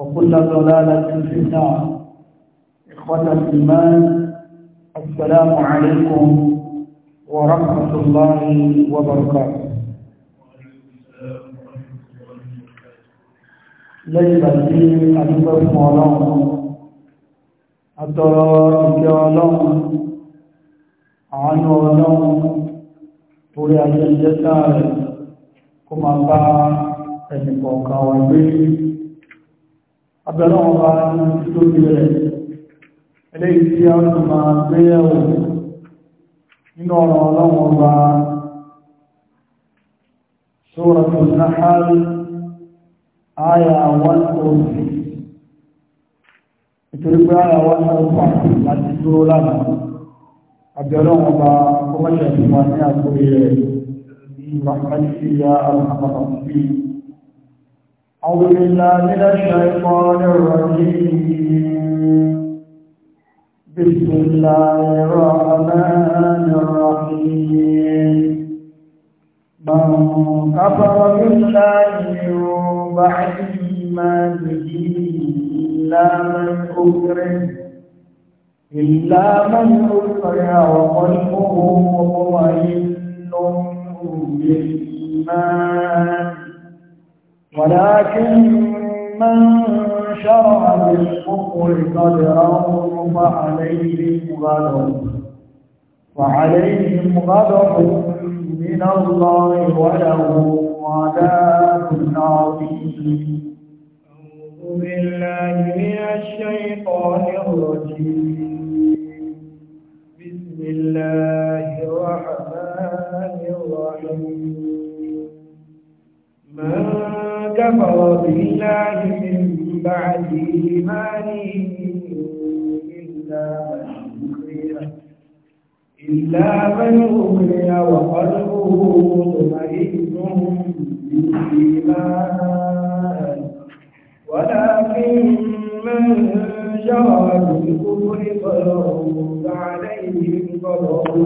وكل ضلالة في النار إخوة الإيمان السلام عليكم ورحمة الله وبركاته ليس في أكبر مولانا أترى إجالاً عن ولاً torí ayé ẹjẹ́ sáà rẹ̀ kó máa bá ẹnìkọ̀ọ̀kan wa gbé abẹ̀rẹ̀ wọn bá ní ìtòkì rẹ̀ eléyìí tí a ti máa nínú ọ̀rọ̀ ọlọ́wọ́n bá Suratul Nahl àyà 106 nítorí pé àyà 106 láti dúró lánàá wọn bá ní أعوذ بالله من الشيطان الرجيم بسم الله الرحمن الرحيم من كفر بالله من بعد إيمانه إلا من أكره إلا من أكره وقلبه مطمئن بالإيمان ولكن من شرع بالكفر قدرا فعليهم غضب وعليهم غضب من الله ولهم عذاب عظيم أعوذ بالله من الشيطان الرجيم بسم الله الرحمن الرحيم من كفر بالله من بعد إيمانه إلا من أكره إلا من أكره وقلبه مطمئن بالإيمان ولكن من جرى بالكفر فلرد عليهم غضب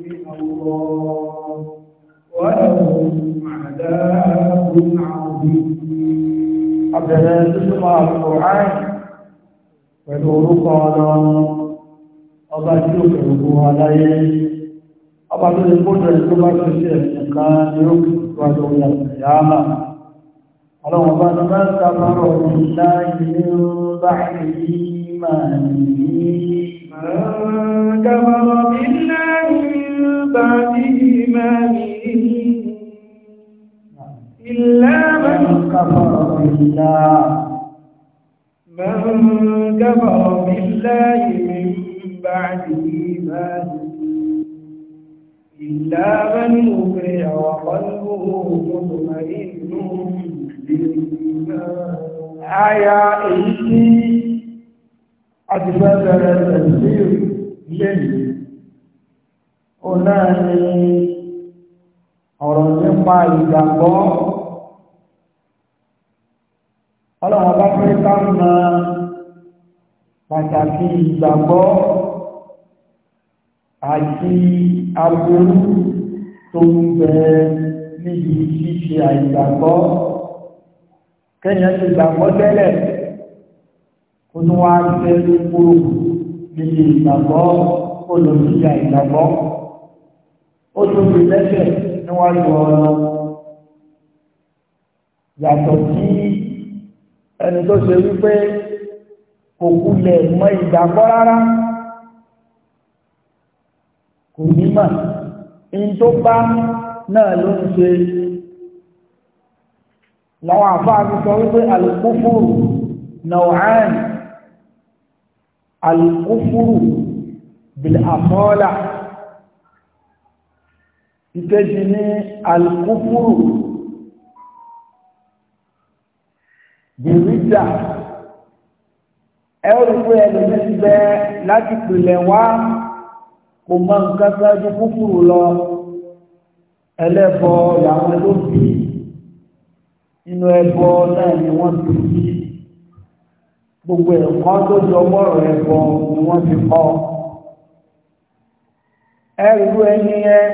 من الله ولهم عذاب عظيم abẹ̀rẹ̀ títúmọ̀ àkùrán pẹ̀lú orúkọ ọlọ́run ọba tí ó kẹ̀rù fún wa láyé ọba tó lè kójọ tó bá tó ṣe ẹ̀sìn kan ní ó kì í wájú orí ní mẹ́ta ní láyé إلا من كفر بالله من كفر بالله من بعد إيمانه إلا من أكره وقلبه مطمئن بالإيمان آية إيدي أثبت التفسير لي ọ̀nà ni ọ̀rọ̀ nípa ọlọ́run bá fẹ́ ká mọ pàtàkì ìgbàgbọ́ àti aburú tó ń bẹ níbi ṣíṣe àìgbàgbọ́ kẹ́yìn ti gbàgbọ́ tẹ́lẹ̀ kó tún wá fẹ́ kúrò níbi ìgbàgbọ́ kó lọ sí àìgbàgbọ́ ó tún fi lẹ́sẹ̀ níwájú ọ̀nà yàtọ̀ sí ẹni tó ṣe wípé kò kulẹ̀ mọ ìgbàgbọ́ rárá kò ní mà ní tó bá náà ló ń ṣe làwọn àfáà ti sọ wípé alùpùpùrù nàwáàn alùpùpùrù bìlàfọ́ọ́là ìkejì ní alùpùpùrù. bìrìjà ẹ ó rí pé ẹlòmíín bẹ láti pìlẹ̀ wá kò mọ nǹkan kan ju kúkúrú lọ ẹlẹ́bọ làwọn ló bí inú ẹbọ náà ni wọ́n ti bí gbogbo ẹ̀kọ́ tó jọ mọ́rọ̀ ẹbọ ni wọ́n ti kọ́ ẹrù ẹni yẹn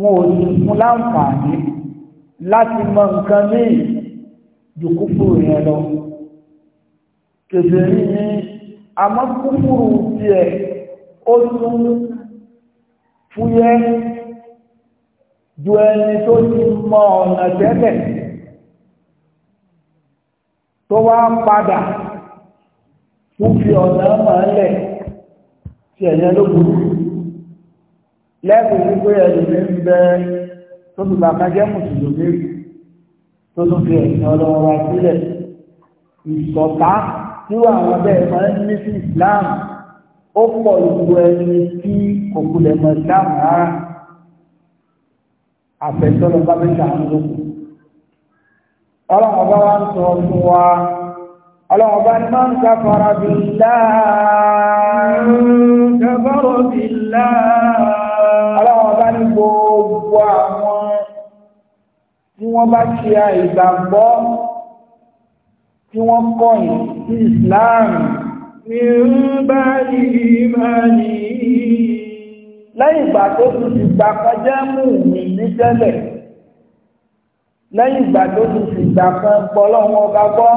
wọn ò ní fún láǹfààní láti mọ nǹkan míì ju kúfùrù yẹn lọ kèfèrí ní àmọ́ kúfùrù tiẹ̀ ó tún fúyẹ́ ju ẹni tó ti mọ ọ̀nà tẹ́lẹ̀ tó wá padà tó fi ọ̀nà máa lẹ̀ tí ẹ̀yẹ ló burú lẹ́kùn wípé ẹ̀lùmí ń bẹ tó ti bàkan jẹ́ mùsùlùmí rí tó tún fi ẹ̀sìn ọlọ́wọ́ wa sílẹ̀ ìṣọ̀tá tí àwọn bẹ́ẹ̀ máa ń ní sí Islam ó pọ̀ ìlú ẹni tí kò kulẹ̀ mọ̀ Islam rárá àfẹ́sọ́lọ́ bá fẹ́ ṣàánú lókun ọlọ́run ọba wa ń sọ fún wa ọlọ́run ọba ni máa ń kafara billah kafara billah ọlọ́run ní gbogbo àwọn tí wọ́n bá ṣe àìgbàgbọ́ tí wọ́n kọ̀yìn sí Islam ní bá ní ìmáni lẹ́yìn ìgbà tó tún ti gbà kan jẹ́ mú mi ní tẹ́lẹ̀ lẹ́yìn ìgbà tó tún ti gbà kan gbọ́lọ́ wọn bá gbọ́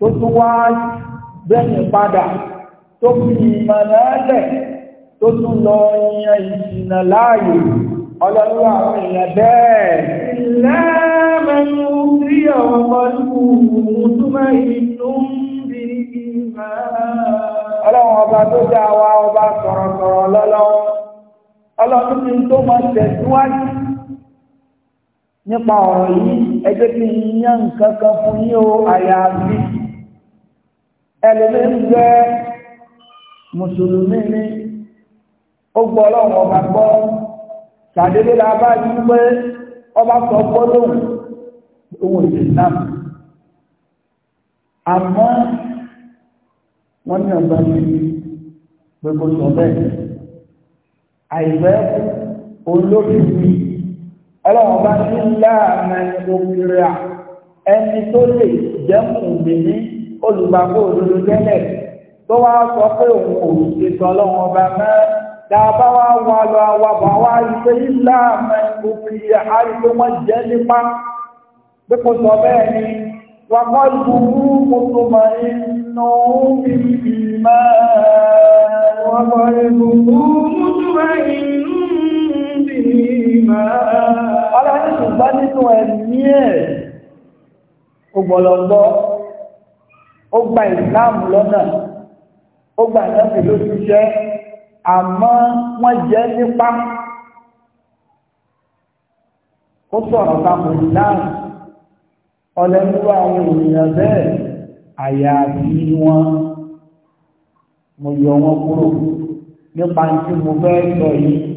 tó tún wá bẹ́yìn padà tó fi ìmọ̀ lẹ́lẹ̀ tó tún lọ yan ìsìnà láàyè ọlọ́lọ́ àwọn èèyàn bẹ́ẹ̀. láàmẹ́nu sí ọ̀rọ̀ pẹ̀lú mùtúmọ̀ ìlú bí ìmá. ọlọ́run ọba tó dá wa ọba sọ̀rọ̀sọ̀rọ̀ lọ́lọ́wọ́ ọlọ́run ti tó máa ń tẹ̀síwájú nípa ọ̀rọ̀ yìí ẹ jẹ́ yán nǹkan fún yín o àyàfi ẹlẹ́mìí ń mùsùlùmí ni ó gbọ́ ọlọ́run ọba gbọ́ ṣàdédé la bá yí pé ọba sọ gbọ́dọ̀hùn ohun ìsìlámù àmọ́ wọ́n ní ọba ní gbogbo sọ bẹ́ẹ̀ àìfẹ́ olókìkí ọlọ́run bá ní láàmà òkèrè ẹni tó lè jẹ́kùn mi ní olùgbàgbọ́ òdodo tẹ́lẹ̀ tó wá sọ pé òun ò ṣe tọ́lọ́run ọba mẹ́rin tàbá wá wà lọ àwàbà wá ìṣe ìlà òkè àríwé wọn jẹ nípa bí kò sọ bẹ́ẹ̀ ni wọn kọ́ ìdúró mọ́tòmọ́ inú bíbí máa wọn kọ́ ìdúró mọ́tòmọ́ inú bíbí máa. ọlọ́run ní ṣùgbọ́n nínú ẹ̀mí ẹ̀ ògbọ̀lọ́gbọ́ ó gba ìsìláàmù lọ́nà ó gba ìdáǹdè lóṣù iṣẹ́ àmọ́ wọ́n jẹ́ nípa ó sọ̀rọ̀ tako ìdáhùn ọlẹ́múrú àwọn ènìyàn bẹ́ẹ̀ àyàfi wọn mo yọ wọn kúrò nípa tí mo fẹ́ sọ yìí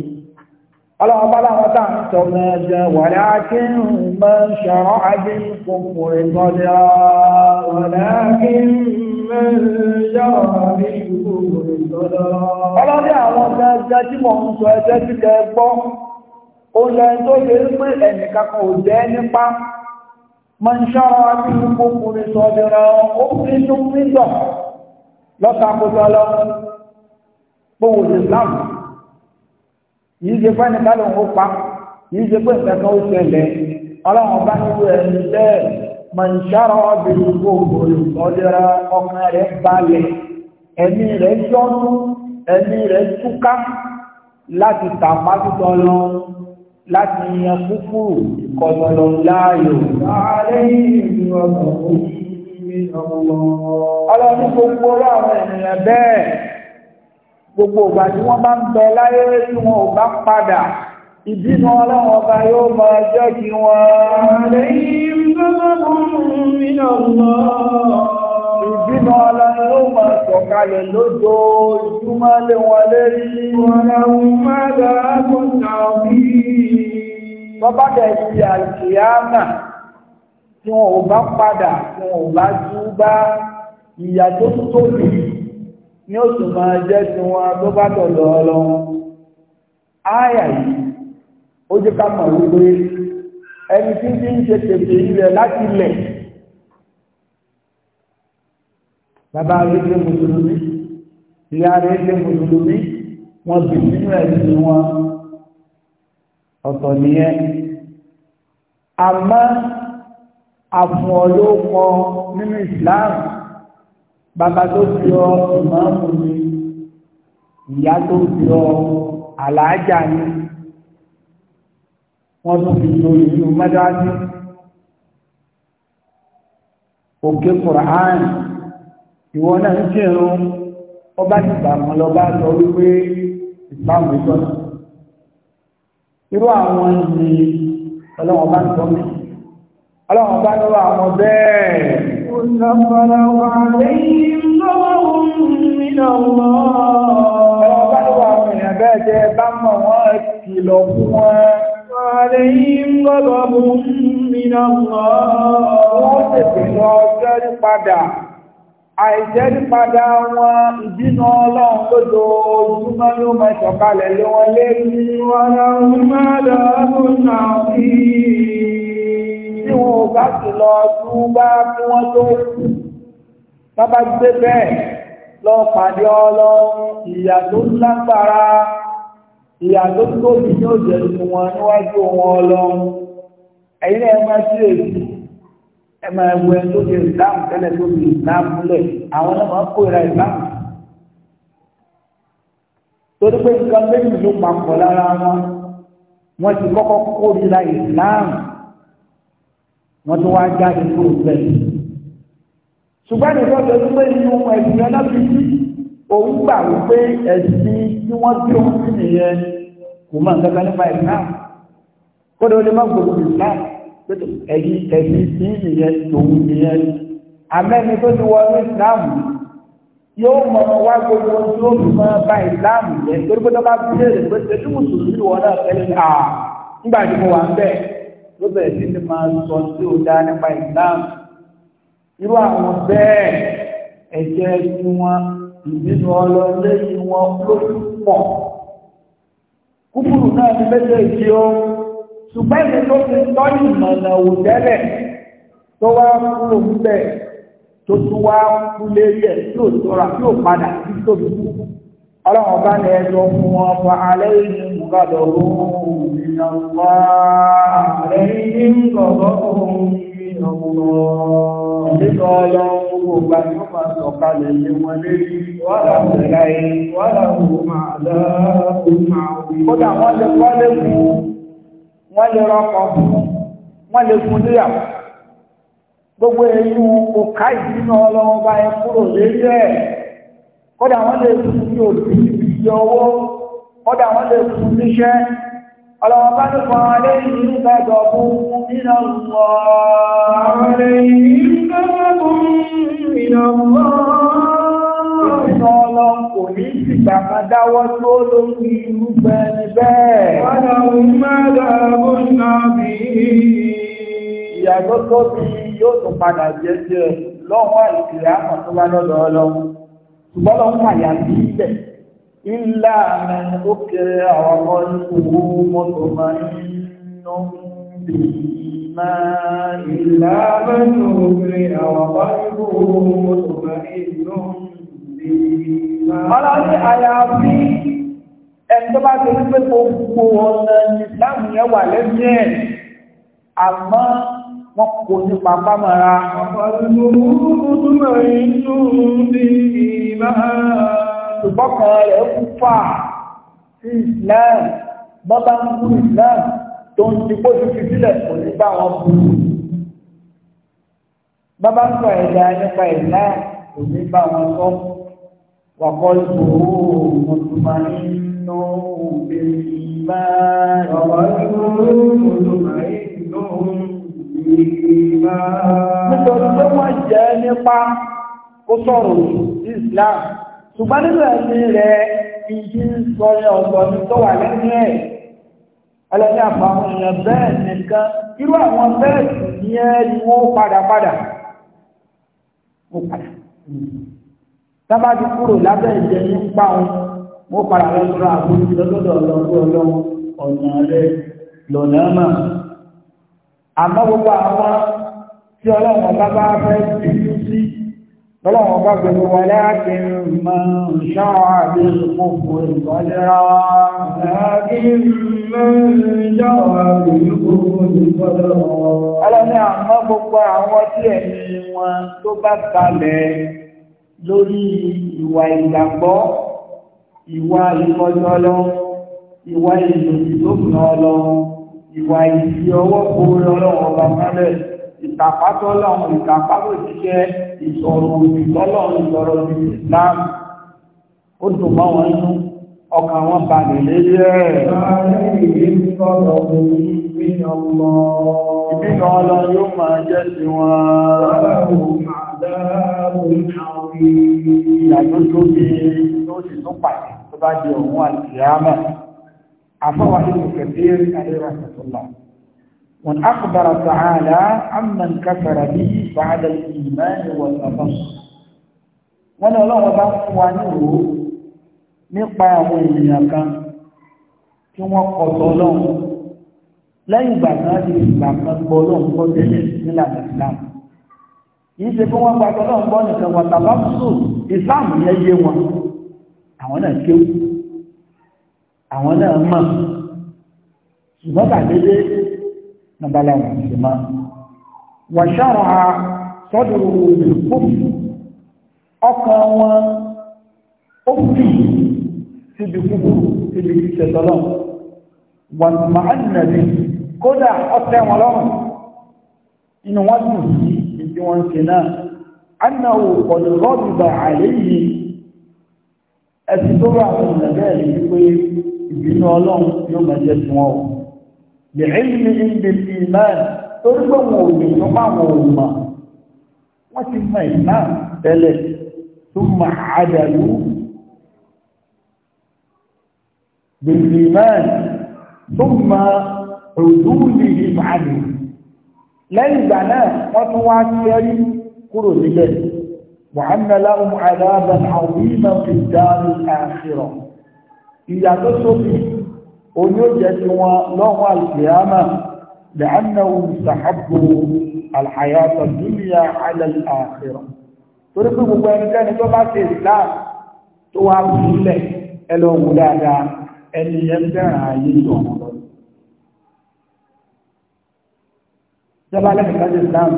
ọlọ́wọ́ bá láwọn tá ń tọ́ mẹ́jẹ wàlá kí ń mẹ́ ṣọ̀rọ̀ ajé kòkò ìtọ́jà wàlá kí ń mẹ́ ṣọ̀rọ̀ ajé kòkò ìtọ́jà. ọlọ́dẹ àwọn ẹgbẹ́ tí mò ń sọ ẹgbẹ́ tí kẹ gbọ́ ó lẹ tó lè ń pè ẹnìkan ò jẹ́ nípa mẹ́ ṣọ̀rọ̀ ajé kòkò ìtọ́jà ó fi tún fi dọ̀ lọ́ta kó lọ́lọ́ ìsìlámù yìí ṣe fẹ́ni kálọ̀ ń pa yìí ṣe pé nǹkan kan ó ṣẹlẹ̀ ọlọ́run bá nínú ẹni bẹ́ẹ̀ mọ̀nsára ọ̀bìnrin gbogbo ìsọdẹ́ra ọkàn rẹ̀ balẹ̀ ẹ̀mí rẹ̀ yọ́nú ẹ̀mí rẹ̀ túká láti tàpá títọ́ lọ láti yan kúkúrú kọlọlọ láàyò láàrẹ́ ìlú ọkàn ọlọ́run gbogbo ọlọ́run ènìyàn bẹ́ẹ̀ gbogbo ìgbà tí wọ́n bá ń bẹ láyé tí wọn ò bá padà ìbínú ọlọ́run ọba yóò mọ ọjọ́ kí wọ́n lẹ́yìn ìbínú ọlọ́run yóò mọ sọ̀kalẹ̀ lójoojúmọ́ lé wọn lérí ọlọ́run mẹ́ta kọta bí bọ́bá dẹ̀ ti tí wọn ò bá padà tí ò bá túbá ìyà tó tóbi ní ó tún máa jẹ́ tí wọn tó bá tọ̀lọ̀ ọlọ́run ááyà yìí ó jẹ́ ká mọ̀ wípé ẹni tí tí ń ṣe tètè ilẹ̀ láti ilẹ̀ bàbá rẹ̀ ṣe mùsùlùmí ìyá rẹ̀ ṣe mùsùlùmí wọn bì nínú ẹ̀sìn wọn ọ̀tọ̀ nìyẹn àmọ́ àfùn ọ̀lọ́kọ nínú ìsìláàmù bàbá tó fi ọ ìmáàmù ni ìyá tó fi ọ àlàájá ni wọ́n tún fi lo ìlú mẹ́dáàdì òkè kùrán ìwọ náà ń kírun ọba ìgbà kan lọ bá sọ wípé ìbámu ìjọba irú àwọn ìlú ọlọ́wọ́n bá ń sọ mí ọlọ́wọ́n bá lọ́wọ́ àwọn bẹ́ẹ̀. كن خلوا عليهم نظر من الله عليهم غضب من الله wọ́n tètè lọ ṣẹ́rí padà àìṣẹ́rí padà wọn ìdínà ọlọ́run tó do ojúmọ́ ló máa ṣọ̀kalẹ̀ lé wọn lé ní wọn láwọn máa lọ́wọ́ náà rí tí wọn ò bá sì lọ tún bá kí wọ́n tó bábá gbé bẹ́ẹ̀ lọ pàdé ọlọ́run ìyà tó lágbára ìyà tó tóbi ní òjò ìlú wọn níwájú wọn ọlọ́run ẹ̀yin náà máa sí èyí ẹ máa wọ ẹni tó di ìsìláàmù tẹ́lẹ̀ tó di ìsìláàmù lẹ̀ àwọn náà máa kó ìra ìsìláàmù torí pé nǹkan méjì ló papọ̀ lára wọn wọ́n ti kọ́kọ́ kó ìra ìsìláàmù wọ́n tún wá jáde kúrò bẹ́ẹ̀. ṣùgbọ́n ìfọ́ tó tún pé inú ẹ̀sìn ọlọ́bí sí òun gbà wípé ẹ̀sìn tí wọ́n bí òun sí nìyẹn kò mọ̀ nǹkan kan nípa ìsìlá kódà ó lè má gbòòrò ìsìlá pé ẹ̀yìn ẹ̀sìn sí nìyẹn tòun nìyẹn àmẹ́ni tó ti wọ ní ìsìláàmù yóò mọ wá gbogbo tí ó fi mọ bá ìsìláàmù yẹn torí pé tó bá bí lè rè pé tẹ̀síwùsùn sí wọn náà tẹ́lẹ̀ nígbà tí mo wà ń bẹ́ẹ̀ ló bẹ̀rẹ̀ sí ni máa sọ tí ó dá nípa Islam irú àwọn bẹ́ẹ̀ ẹ̀jẹ̀ tí wọ́n ìbínú ọlọ́lé tí wọ́n ló pọ̀ kúkúrú náà ṣùgbọ́n tó ti tọ́ ìmọ̀nà tó wá bẹ̀ tó tún wá kú lérí ọlọ́run bá ní ẹjọ́ fún wọn fa alẹ́ ìlú gbọ́dọ̀ lóhùn ìnáwó àrẹ́yìn gbọ́dọ̀ ohun ìnáwó nígbà ọlọ́run gbogbo gbà tí ó máa sọ̀kalẹ̀ lé wọ́n lè fún wọ́n lè gbogbo èyí òkà ìdínà ọlọ́run bá ẹ kúrò lérí ẹ̀ kọ́dà wọ́n lè fún ní òbí ìyẹ owó kọ́dà wọ́n lè fún níṣẹ́ ọlọ́wọ́ bá ní kan alẹ́ ń gbẹ́jọ fún nínú ọ̀rọ̀ alẹ́ yìí ń gbẹ́jọ fún nínú ọ̀rọ̀ ìyàgbọ́ tó bí yóò tún padà jẹ́ jẹ́ lọ́wọ́ ìkìlẹ̀ àmọ̀ tó ṣùgbọ́n lọ ń kàyà sí ibẹ̀ ńlá rẹ̀ ó kéré àwọn ọmọ ìṣòwò mọ́tò máa ń nà bí ma ìlà mẹ́tò kéré àwọn ọmọ ìṣòwò mọ́tò máa ń nà bí ma. ọlọ́run àyàfi ẹni tó bá ti ń pé gbogbo ọ̀nà ìsìláàmù yẹn wà lẹ́yìn àmọ́ wọ́n kò nípa bámọ́ra. ṣùgbọ́n kan rẹ̀ kú fà sí Islam bọ́bá ń bú Islam tó ń ti kójú fi sílẹ̀ kò ní bá wọn bú. bọ́bá ń sọ ẹ̀dá nípa Islam kò ní bá wọn sọ. wàkọ́ ìṣòro mùsùlùmí nù bèrè ìmáà. wàkọ́ ìṣòro mùsùlùmí nù bèrè ìmáà nítorí pé wọ́n jẹ́ nípa ó sọ̀rọ̀ Islam ṣùgbọ́n nínú ẹ̀sìn rẹ̀ ìdí ń sọ ní ọ̀sọ̀ ní tó wà lẹ́nu ẹ̀ ẹlẹ́ni àpamọ́ èèyàn bẹ́ẹ̀ nìkan irú àwọn bẹ́ẹ̀ sì ní ẹ́ ni wọ́n padà padà mo padà sábà ti kúrò lábẹ́ ìjẹ ní pa mo padà lọ́sọ̀rọ̀ àbúrò lọ́sọ̀rọ̀ ọlọ́run ọ̀nà rẹ̀ lọ́nà máa àmọ́ gbogbo àwọn tí ọlọ́run ọba bá fẹ́ bínú sí ọlọ́run ọba gbogbo wọn láti mọ ṣáà bí gbogbo ìgbọ́lẹ́ra láti mọ ṣáà bí gbogbo ìgbọ́lẹ́ra ọlọ́run lórí ìwà ìgbàgbọ́ ìwà ìkọjọ́ lọ ìwà ìlòdì tó kùnà ọlọ́run ìwà ìfi ọwọ́ borí ọlọ́run ọba mọ́lẹ̀ ìtàpátọ́ lọ́run ìtàpátọ́ ìṣiṣẹ́ ìsọ̀rọ̀ òṣìṣọ́lọ́run ìsọ̀rọ̀ Islam ó dùn mọ́ wọn inú ọkàn wọn balẹ̀ lérí ẹ̀ ìbínú ọlọ yóò máa jẹ́ sí wọn ìyàtọ̀ tó bí tó sì tó pàdé tó bá di òun àti àmà عفوا ابن كثير عليه رحمة الله وأن أخبر تعالى عمن كفر به بعد الإيمان والتبصر وأنا لو بقى وانه nípa àwọn ènìyàn kan tí wọ́n kọ̀tọ̀ lọ́wọ́ lẹ́yìn ìgbà náà di ìgbà kan gbọ́ lọ́wọ́ gbọ́ tẹ́lẹ̀ nílànà islam yìí ṣe fún wọn gbàgbọ́ lọ́wọ́ gbọ́ nìkan wọn tàbá sùn islam yẹn yé wọn àwọn náà kéwù àwọn náà mọ̀ ṣùgbọ́n tàbílé nàbàlà ìrìnṣẹ́ máa wàṣára sọ́dọ̀rọ̀ òkúrù ọkàn wọn ó fi síbi kúkúrú síbi ìṣẹ̀tọ́lọ́ wà máa nàbí kódà ọ̀tẹ́ wọn lọ́rùn inú wọn dùn sí ìdí wọn ṣe náà ẹ̀sì tó rọ àwọn ìlẹ̀bẹ̀ rí wípé ìbínú ọlọ́run yóò máa jẹ́ tí wọ́n lè rí ní ibi ìmọ̀ torí pé wọn ò tó máa wọn ò mọ̀ wọ́n ti mọ ìmọ̀ tẹ́lẹ̀ tó mọ àdàlú بالإيمان ثم عدوله عنه lẹ́yìn ìgbà náà wọ́n tún wá sí ẹrí kúrò níbẹ̀ وأن لهم عذابا عظيما في الدار الآخرة إذا تصدي ونجد لهم القيامة لأنهم استحبوا الحياة الدنيا على الآخرة torípé gbogbo ẹnikẹ́ni tó bá ṣe islam tó wá wúlẹ̀ ẹlọ́wù dáadáa ẹni yẹn fẹ́ràn ayé ìjọ̀wọ̀n lọ. jọba lẹ́nu ká ṣe islam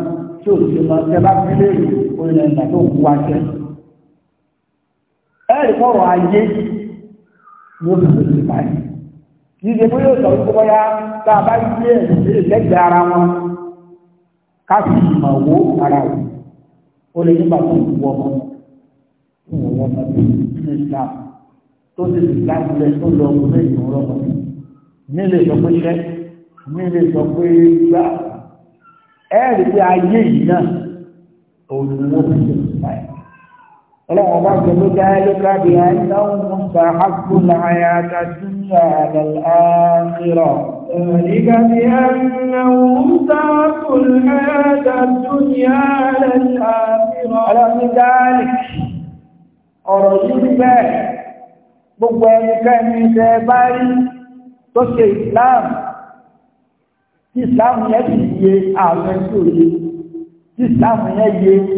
tí ò ṣe máa tẹ bá fi léèrè orin ẹ̀ǹdà tó kú wa jẹ. ẹ̀rì kọ̀rọ̀ ayé ló ń sọ sí báyìí. kì í ṣe pé yóò sọ wípé bóyá tá a bá gbé ẹ̀sìn lẹ́gbẹ̀ẹ́ ara wọn ká fi ìmọ̀ wo ara wọn. ó lè nígbà tó ń wọ ọmọ tó ń wọ ọmọ tó ń Islam tó ń Islam lẹ tó lọ ọmọ méjì ń rọ mi lè sọ pé ṣẹ́ mi lè sọ pé gbà ẹ̀rì pé ayé yìí náà olùwò ọlọ́wọ́n bá gbé ló dáálé káàdì àìsàn mọ́ta àkùnà àyàtà dúnyà àlàáfíà ذلكبأنه ترك الحياة الدنيا للآخرة ألم ذلك أرجو bẹ́ẹ̀ gbogbo ẹnikẹ́ni tẹ́ bá rí tó ṣe ìsìláàmù tí ìsìláàmù yẹn sì yé àwọn ẹni tó yé tí ìsìláàmù yẹn yé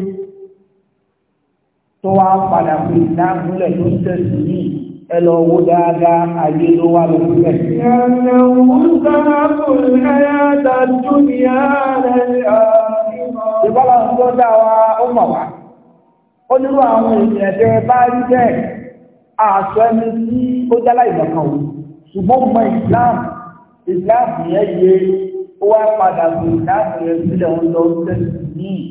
tó wá padà fún ìsìláàmù lẹ̀ tó ń tẹ̀sí yìí ẹ lọ wo dáadáa ayé ló wà lórí rẹ̀. ìyànà òun sábà kò ní ayáta tó ní àárẹ̀ àìmọ̀. ìbára ń tó dá wa ó mọ̀ wá ó nírú àwọn ènìyàn tẹ bá rí àṣọ ẹni tí ó dá láì lọ́kàn o ṣùgbọ́n mọ ìsìláàmù ìsìláàmù yẹn yé ó wá padà bò láàrin rẹ̀ sílẹ̀ ń lọ sẹ́yìn yìí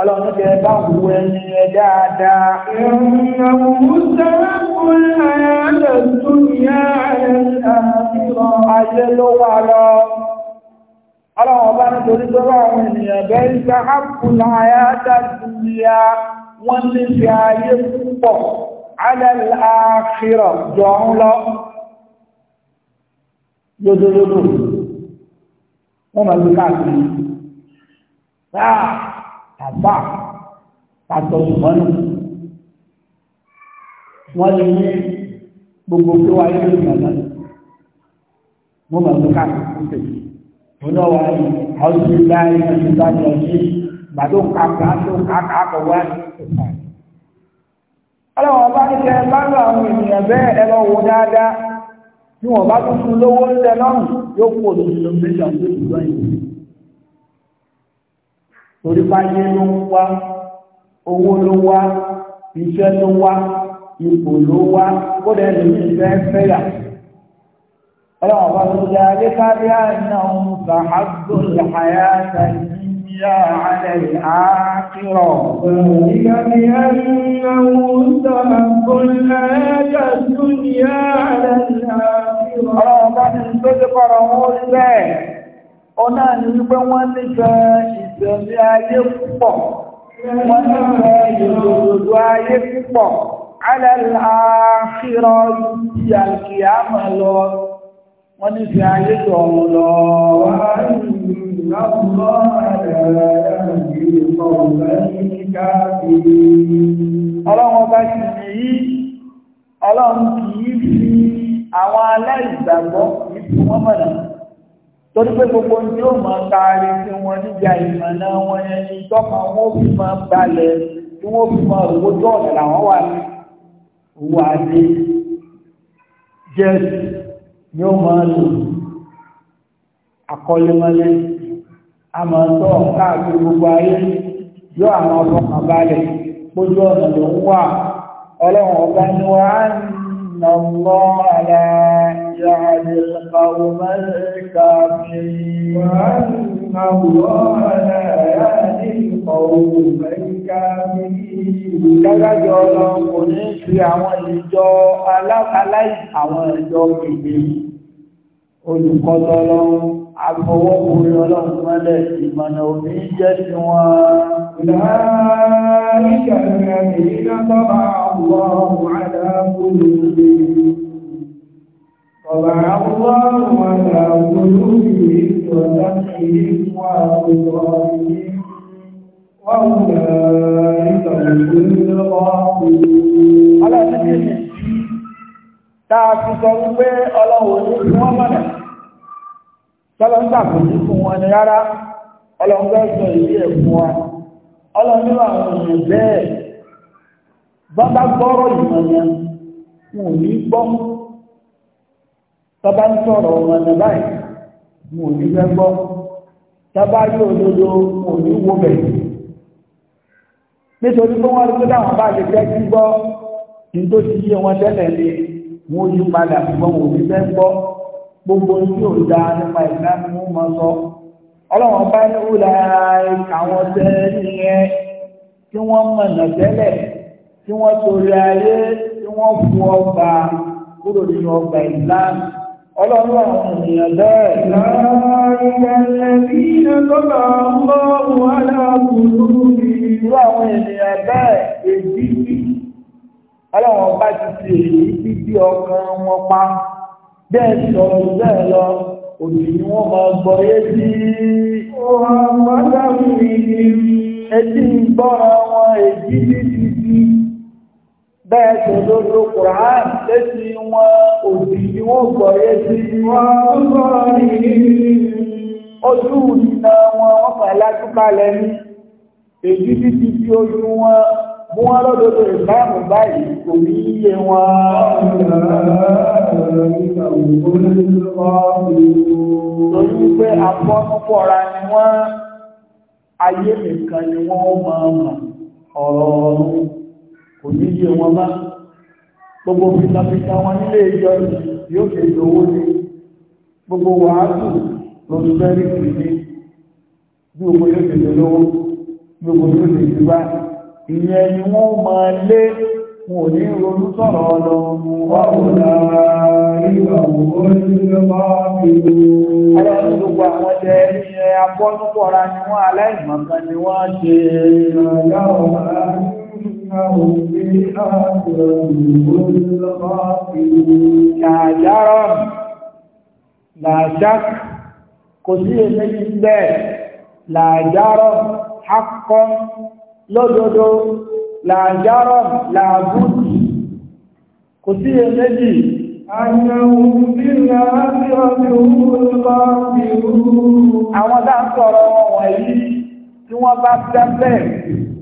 ọlọ́run jẹ bá wù ẹni ẹ dáadáa. ìrìnà òun sẹ́wọ́n kò láyé lẹ́tùnúyà ẹ̀ẹ́dẹ́gbẹ̀rún ayé ló wà lọ. ọlọ́run ọba nítorí tó bá àwọn ènìyàn bẹ́ẹ̀ ń sá àpùnà ayádájúmíà wọ́n ní fi ayé púpọ̀ alẹ́láàfírọ̀ jọ ń lọ. lódòdó wọ́n máa gbé káàkiri táà tàbá tàtọ̀ ṣùgbọ́nù wọ́n lè ní gbogbo pé wà ní ìlú ìgbàlá wọ́n máa gbé káàkiri oní ọwọ́ ayé àwọn ìlú ìgbà ìlú ìgbà ìlú ìgbà gbàdó kàkà tó kàkà kọ̀ wá ní ìgbà. ọlọ́wọ́n bá ní kẹ́ bá ń lọ àwọn ènìyàn bẹ́ẹ̀ ẹ lọ wò dáadáa tí wọ́n bá tún fún lówó ń tẹ lọ́rùn yóò kó lórí lọ́mọdéṣà tó ti lọ yìí torí báyé ló ń wá owó ló wá iṣẹ́ ló wá ipò ló wá ó dẹ̀ lè ní ìfẹ́ fẹ́yà ọlọ́run bá tó jẹ́ alẹ́kárí àìsàn ọ̀hún sàhágùn ìhàyà àtàyè على الآخرة ذلك بأنه استحب الحياة على الآخرة رغم صدق رسول ọ̀nà ni wípé wọ́n nífẹ̀ẹ́ ìṣẹ̀lẹ̀ ayé púpọ̀ wọ́n nífẹ̀ẹ́ ìròdòdó ayé púpọ̀ alẹ́lẹ́ àkírọ̀ ìyàkìyàmọ̀ lọ wọ́n ní fi ayé tọ̀ ọ̀run lọ ọlọ́run ọba ìsinmi yìí ọlọ́run kìí fi àwọn aláìgbàgbọ́ kìí fi wọ́n mọ̀nà torí pé gbogbo ní ó máa taari tí wọ́n níjà ìmọ̀nà wọn ẹni tọ́ka wọ́n fi máa balẹ̀ tí wọ́n fi máa rògbò tó ọ̀nà làwọn wà ní òwò àdé jẹ́sì ni ó máa lò akọ́lémọ́lé àmọ́ tó káàkiri gbogbo ayé yóò àwọn ọlọ́kàn balẹ̀ gbójú ọ̀nà ló ń wà ọlọ́run ọba ni wà nà lọ́ àlàyé àdìlkàwọ́ mẹ́rin. الكافرين وأن الله لا يهدي القوم الكافرين Dágájọ́ ọlọ́run kò ní fi àwọn ìjọ alákàláì àwọn ìjọ kèdè olùkọ́tọ́ ọlọ́run, afọwọ́kùnrin ọlọ́run mọ́lẹ̀ ìmọ̀nà òní jẹ́ sí wọn. Láàrín ìjọ ìrìnàmì طبع الله على قلوبهم وسمعهم وأبصارهم وأولئك هم الغافلون Táàfi sọ wípé ọlọ́wọ̀ ní fún wọn mọ̀nà, tọ́lọ́ntà kò sí fún wọn ni rárá, ọlọ́ngbẹ́ sọ ìlú ẹ̀fún wa, ọlọ́nìwà àwọn èèyàn bẹ́ẹ̀, bọ́bá gbọ́rọ̀ ìmọ̀ yẹn, wọn ò ní gbọ́mù tọ́ba ń sọ̀rọ̀ ọ̀rọ̀ ọ̀nà báyìí mo ní fẹ́ gbọ́ tọ́ba yóò dodo mo ní wo bẹ̀ nítorí pé wọ́n rí pé bá lè fẹ́ kí kí n tó ti yé wọn tẹ́lẹ̀ ni wọ́n yí padà ṣùgbọ́n mo ní fẹ́ gbọ́ gbogbo tí ò da nípa ìgbà ni wọ́n mọ sọ ọlọ́wọ́n bá ní wúlà àwọn tẹ́ nìyẹn tí wọ́n mọ̀nà tẹ́lẹ̀ tí wọ́n torí ayé tí wọ́n fu ọgbà kúrò nínú ọgbà ìsìláàmù ọlọ́run àwọn ènìyàn bẹ́ẹ̀ láàrín ẹlẹ́bí ẹlọ́lá ọlọ́run aláàbùrú ìlú àwọn ènìyàn bẹ́ẹ̀ èdí bí ọlọ́run bá ti fi èyí bíbí ọkàn wọn pa bẹ́ẹ̀ sọ̀rọ̀ bẹ́ẹ̀ lọ òdì ni wọ́n máa gbọ́ yé sí ọ̀hún àpáta mi ẹtí ìgbọ́ra wọn èdí bíbí bẹ́ẹ̀ tó ló ló kùrán létí wọn òdì ni wọ́n gbọ́ yé sí wọ́n gbọ́ ní ojú ìná wọn wọ́n fà lájú kalẹ̀ ní èyí títí tí ojú wọn mú wọn lọ́dọ̀dọ̀ ìbámu báyìí kò ní iye wọn. lórí pé afọ́nupọ̀ra ni wọ́n ayé nìkan ni wọ́n máa mọ̀ ọ̀rọ̀ ọ̀run kò ní yé wọn bá gbogbo fitafita wọn nílé ìjọ yóò fi lówó ní gbogbo wàásù lórí bẹ́ẹ̀rì kìí ní bí ogun yóò fi lówó bí ogun yóò fi ti bá ìyẹn ni wọ́n máa lé wọn ò ní ronú sọ̀rọ̀ lọ wọ́n ò lára ìgbà wọ́n ní ọmọ ìlú ọlọ́run gbogbo àwọn jẹ́ iṣẹ́ abọ́núpọ̀ra ni wọ́n aláìmọ̀kan ni wọ́n ṣe ìrànlọ́wọ́ إنه بالآخرة هم الغافلون لا جرم لا شك كثير من الله لا جرم حقا لدودو لا جرم لا بد كثير من أنهم بالآخرة هم الغافلون أولا ترى وعيد ثم بعد ذلك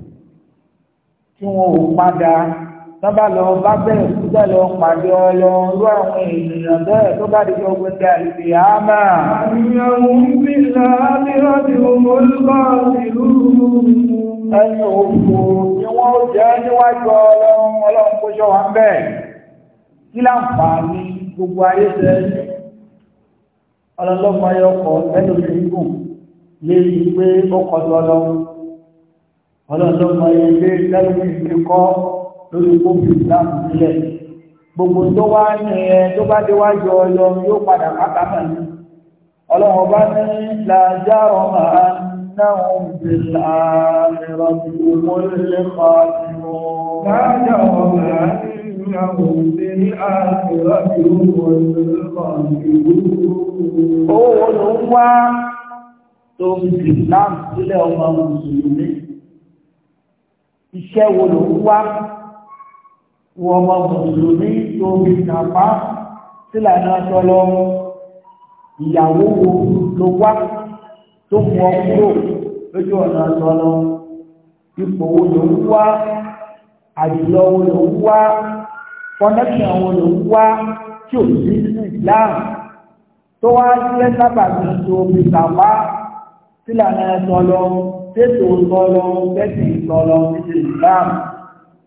tí wọn ò padà tọ́ba lọ bá bẹ̀rẹ̀ síbẹ̀ lọ pàdé ọlọ́run ló àwọn ènìyàn bẹ́ẹ̀ tó bá di gbogbo ti àlùfẹ́ àmà. àyẹ̀wò ń bí láàbíọ́ ti mọ̀ lọ́wọ́ ìlú. ẹni òkú ni wọ́n jẹ́ níwájú ọlọ́run ọlọ́run kó ṣọ́ wa ń bẹ̀. kí láǹfààní gbogbo ayé tẹ ọlọ́lọ́mọ ayọ́kọ̀ ẹlòmíràn gùn lè rí i pé ó kọjú ọlọ́run ọlọ́lọ́mọ ilé lẹ́yìn ìfikọ́ lórí kófì islam sílẹ̀ gbogbo tó wá ní ẹ tó bá déwájú ọlọ yóò padà kákàmà ní ọlọ́run bá ní làjá ọmọ anáhùn bí láàrínrọ̀ tí ó lè pa nínú làjá ọmọ anáhùn bí láàrínrọ̀ tí ó lè pa nínú owó ló ń wá tó fi islam iṣẹ́ wo ló ń wá wọ ọmọ mùsùlùmí tó fi kàpá sílànà tọlọ ìyàwó wo ló wá tó mú ọ kúrò lójú ọ̀nà tọlọ ipò wo ló ń wá àjùlọ wo ló ń wá kọ́nẹ́kṣọ̀n wo ló ń wá tí ò sí nínú ìlànà tó wá sílẹ̀ sábàbí tó sílànà tọlọ tètò tọ́lọ bẹ́sì tọ́lọ títí islam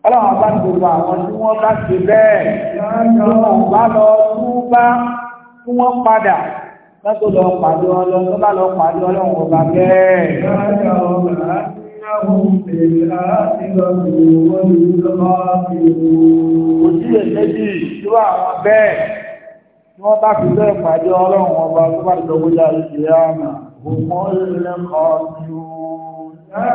ọlọ́run bá gbogbo àwọn tí wọ́n bá ṣe bẹ́ẹ̀ lọ́wọ́n bá lọ tún bá kí wọ́n padà lọ́tò lọ pàdé ọlọ́run tó bá lọ pàdé ọlọ́run ọba bẹ́ẹ̀ Òjílẹ̀ méjì tí wà wọn bẹ́ẹ̀ tí wọ́n bá fi bẹ́ẹ̀ pàdé ọlọ́run ọba tó bá lọ́gbọ́já ìṣẹ́ àmà òmọ́ ìrìnlẹ́kọ̀ọ́ Ọ̀kan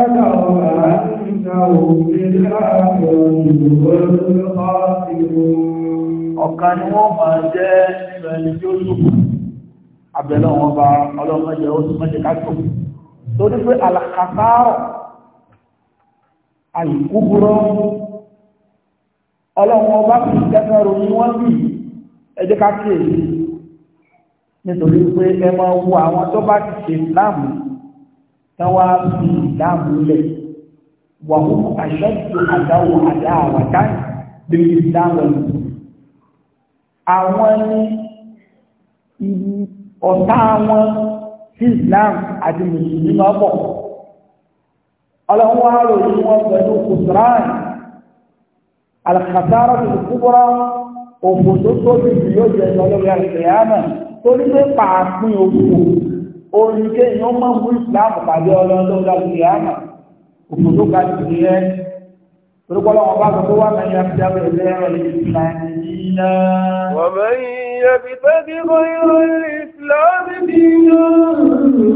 ni wọ́n máa jẹ́ nínú ẹni tí ó lùkù, àbẹ̀lẹ̀ wọn bá ọlọ́mọdé ó sì mọ́jẹ ká tó. Tó ní pé àlàkàtàrọ̀, àìkúburọ́, ọlọ́wọ́n bá fi kẹfẹ́rò ní wọ́n bí ẹjẹ́ ká kéèsì nítorí pé ẹ máa wo àwọn tó bá ti ṣe láàmù tọ́wá fi ìdáàbò lẹ̀ wà ó àṣẹ́jú àdáwò àdáàwàdá lórí ìdáàbò lẹ̀. Àwọn ni ọ̀tá wọn sí Islam àti Mùsùlùmí máa bọ̀. Ọlọ́run wá rò ní wọn pẹ̀lú Kùsùrán, Alkàtàrà tó kúbọ́rọ́, òfò tó tóbi yóò jẹ́ ìtọ́lọ́gbẹ̀rẹ̀ kìyàmà torí pé pàápín òkú orin kéèyàn ó máa ń mú ìsìláàmù pàdé ọlọ́run ló ń lọ sí àmà òfòdó ga jù ní ẹ torípọ́ lọ́wọ́ bá sọ pé wà máa ń yá fìdá bẹ̀rẹ̀ lẹ́rọ ìsìláàmù yìí náà. wọ́n máa ń yẹ fi tẹ́tí kọ́ ìròyìn ìsìláàmù yìí náà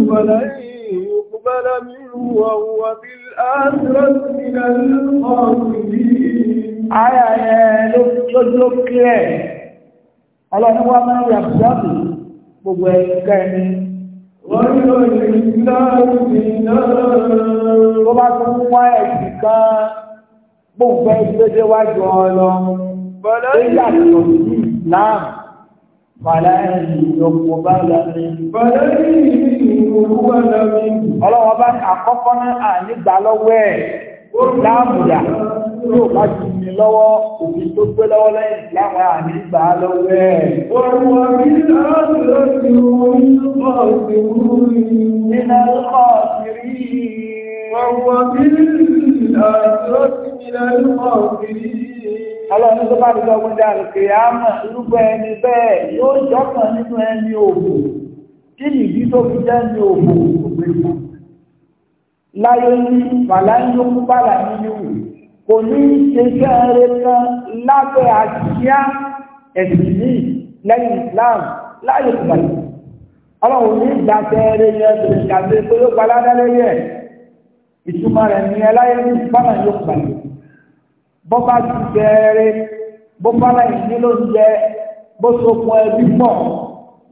padà يقبل منه وهو في الآخرة من الخاسرين Ayà ẹ̀ Tó bá tún wá ẹ̀sìn kan gbóǹgbẹ́ ìgbésẹ̀ wájú ọlọ. Bọ́lá ìyàtọ̀ sí ìsìláàmù, fàlá ẹ̀yìn ọkọ̀ bá lámí. Bọ́lá ìyìn ọkọ̀ bá lámí. Ọlọ́wọ́ bá àkọ́kọ́ náà nígbà lọ́wọ́ ẹ̀ láàmùdà yóò bá ti ní lọ́wọ́ òfin tó gbé lọ́wọ́ lẹ́yìn láwọn àmì ìgbà lọ́wọ́ ẹ̀. Wọ́n rí láti lọ́sí orí lọ́pọ̀ sí orí nínú lọ́pọ̀ sí rí. Wọ́n rí láti lọ́sí nínú lọ́pọ̀ sí rí. Ọlọ́run tó bá ti lọ́gbọ́n dáàrù kìí á mọ̀ irúgbẹ́ ẹni bẹ́ẹ̀ yóò jọ́kàn nínú ẹni òbò. Kí nìdí tó fi jẹ́ ẹni òbò òpin? Láyé ní Fàlàyé ó kú bàlà nínú ìwé kò ní ṣe sẹ́ẹ̀rẹ̀ kan lábẹ́ àṣíyá ẹ̀sìn yìí lẹ́yìn Islam láyé ìpàdé ọlọ́run ní ìgbà sẹ́ẹ̀rẹ̀ yẹn bẹ̀rẹ̀ kàdé pé ó paládá lórí ẹ̀ ìtumọ̀ rẹ̀ ní ẹ láyé ní ìpàdé yóò pàdé bó bá ti sẹ́ẹ̀rẹ̀ bó bá láyé ní ló ń jẹ bó sokun ẹbí pọ̀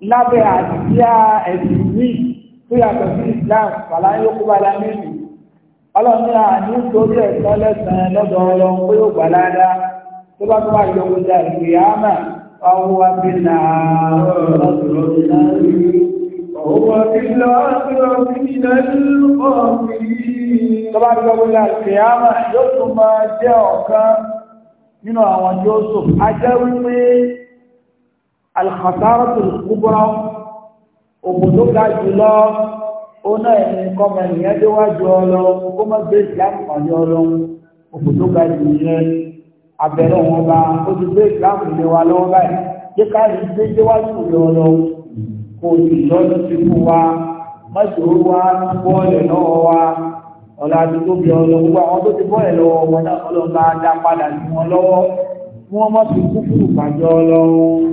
lábẹ́ àṣíyá ẹ̀sìn yìí tó yàtọ̀ sí Islam pàlá yóò kó bá dá nínú ọlọ́run ní àní torí ẹ̀sán lẹ́sàn-án lọ́dọ̀ ọlọ́run pé ó gbà ládàá tó bá tún àyọ̀wò dà ìgbé àmà ọwọ́ abínà ọwọ́ abínà ọ̀gbìnà ọ̀gbìn. tó bá tún àyọ̀wò dà ìgbé àmà yóò tún máa jẹ́ ọ̀kan nínú àwọn tí ó sọ ajẹ́ wípé alhasaratul kubra òbòdó ga jùlọ ona ẹ̀yìn kọmọ ènìyàn déwájú ọlọ́run kó mọ́ gbé ìsìlámù pàdé ga yẹn wọn bá gbé ìsìlámù lé wa báyìí gbé lé sì sí fún wa lọ́wọ́ wa bí àwọn tó ti lọ́wọ́ wọn náà dá padà sí wọn lọ́wọ́ kí wọ́n mọ́ ti kú fún ìpàjọ ọlọ́run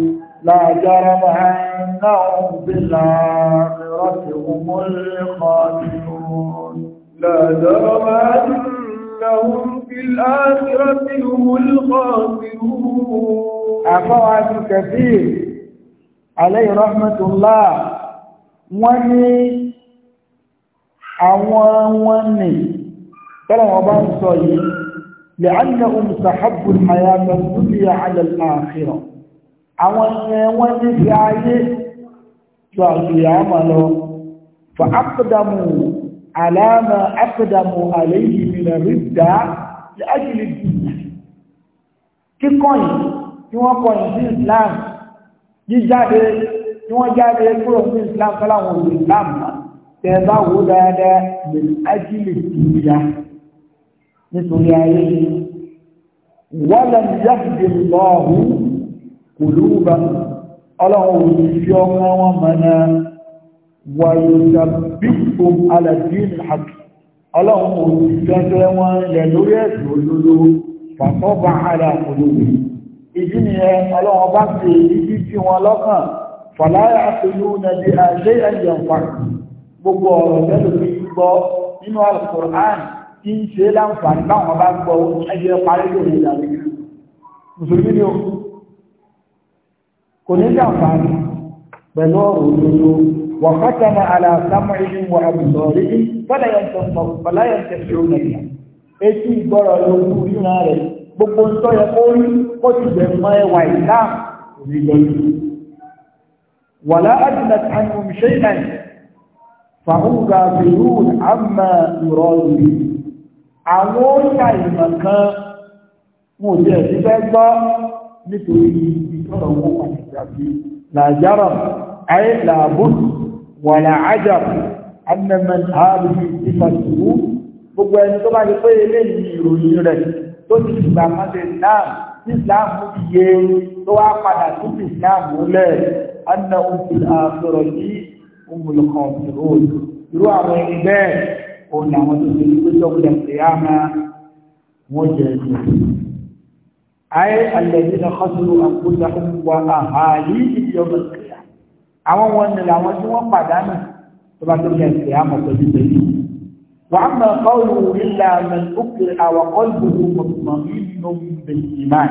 láàjọ́rọ̀ máa náà bí láàrin rọ́tì ọmọ lẹ́kọ̀ọ́ nínú láàjọ́rọ̀ máa ń لهم في الآخرة هم الخاسرون أخوة عبد عليه رحمة الله wọ́n ní àwọn wọn ní tọ́lọ̀wọ́ لأنهم سحبوا الحياة الدنيا على الآخرة àwọn ẹ̀yẹn wọ́n ní fi ayé tó àgbìyàmà lọ fa aqdamu alama aqdamu alayhi min ridda li ajli dunya kíkọ̀yìn tí wọ́n kọ̀yìn sí islam jíjáde tí wọ́n jáde kúrò sí islam fẹ́láwọn olùsìlámù tẹ́ bá wó dáadáa min ajli dunya nítorí ayé wọ́lẹ̀ yẹ́fìdì lọ́ọ̀hù kùlúùbà ọlọ́run òṣìṣẹ́ ọmọ wọn mọ̀nà wàyòsà bíkò alàdín àti ọlọ́run òṣìṣẹ́ tẹ́ wọn lẹ̀ lórí ẹ̀sùn olóró fàtọ́bà ara kùlúùbì ìdí nìyẹn ọlọ́run bá ṣe ìdí tí wọn lọ́kàn fàlàyé àpèlú nàbí àṣẹ ẹ̀yàn pàtó gbogbo ọ̀rọ̀ tẹ́lẹ̀ gbọ́ nínú àlùkò áàrùn kí ń ṣe láǹfààní báwọn bá gbọ́ ẹyẹ parí lórí ìdàrí mùsùlùmí ni ó kò ní láǹfààní pẹ̀lú ọ̀rọ̀ òdodo wà fátàmà aláàsámù ìlú wà àbùsọ̀rí fọ́láyẹ̀ntẹ̀fẹ̀ òmìnira etí ìgbọ́rọ̀ lókù ń tọ́yẹ kó rí kó ti bẹ̀ mọ́ ẹwà àwọn ó ṣàìmọ̀ kan wọn ò jẹ́ ìfẹ́ gbọ́ nítorí ìtọ́rọ̀ owó pàtàkì làjárọ̀ ayé làbùn wà làájà annaman ààrùn ìfàṣìwú gbogbo ẹni tó bá ti pé ilé ìròyìn rẹ̀ tó ti ìgbà mọ́tẹ̀ náà tí islam iye tó wá padà tó ti lẹ̀ anna òfin àṣọrọ̀ yìí òmùlùkọ̀ ìròyìn irú àwọn ẹni bẹ́ẹ̀ òun ni àwọn tó ti ní pé jọ́gbọ̀dẹ̀ kìyàmá wọ́n jẹ ẹ̀jẹ̀. ayé alẹ́bí na kọ́sùrù àkójọ wa àhàlì ìjọba kìyà àwọn wọn ni làwọn tí wọ́n pàdánù tó bá tó jẹ kìyàmá pẹ̀lú pẹ̀lú. wàá mọ̀ kọ́ọ̀lù ìlà mẹ́tòkè àwọn kọ́ọ̀lù mọ̀tòmọ̀ nínú bẹ̀tìmáì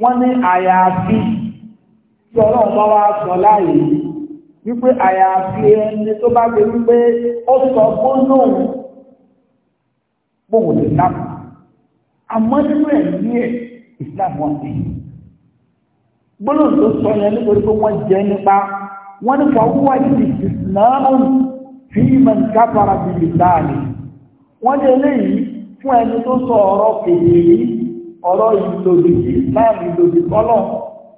wọ́n ní àyàfi tí ọlọ́run bá wá sọ láàyè yìí wípé àyàfi ẹni tó bá gbé wípé ó sọ gbónáà gbóhùn ìsìlámù àmọ́ nínú ẹ̀mí ẹ̀ ìsìlámù wọn ti gbónáà tó sọ yẹn nítorí pé wọ́n jẹ́ nípa wọ́n ní fọwọ́wá yìí ìsìlámù fi ìmọ̀ káfàrà bí ìsìlámù wọ́n ní eléyìí fún ẹni tó sọ ọ̀rọ̀ kèdèrí ọ̀rọ̀ ìlòdì ìsìlámù ìlòdì kọ́lọ̀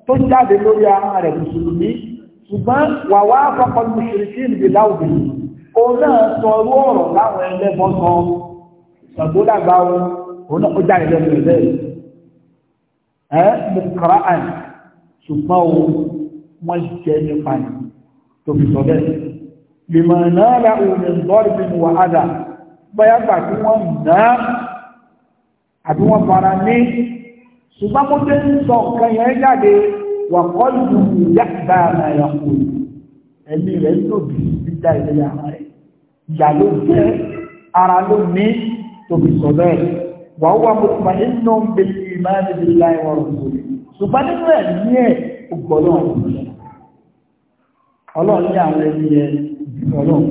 tó jáde lórí ara rẹ̀ mùsùlùmí ṣùgbọ́n wàwá àpapọ̀ mùsùlùmí ìbí láwùjọ ó náà sọ orú ọ̀rọ̀ láwọn ẹlẹ́bọn sọ ìṣàgbó dàgbà ó òun náà ó jáde lẹ́nu ìlẹ́ ẹ̀ mú kàrá àn ṣùgbọ́n ó wọ́n jẹ́ nípa ni tó fi sọ bẹ́ẹ̀ lèmọ̀ náà ra òun ìbọ́ọ̀lù mi wà ádà bóyá gbà tí wọ́n náà àbí wọ́n fara ní ṣùgbọ́n mo dé ń sọ nǹkan yẹn jáde wà kọ́ ìlú ìyàgbá àmà ẹ̀kọ́ ẹ̀mí rẹ̀ tóbi dídá ilé àwọn rẹ̀ ìyá ló jẹ́ ara ló ní tóbi sọ bẹ́ẹ̀ wà ó wà mọ̀tòmá nínú bẹ́ẹ̀ ìmáà níbi láì wọ́n rọ̀ sórí ṣùgbọ́n nínú ẹ̀ ní ẹ̀ ògbọ́lọ́ ọlọ́run ní àwọn ẹni ẹ̀ ọlọ́run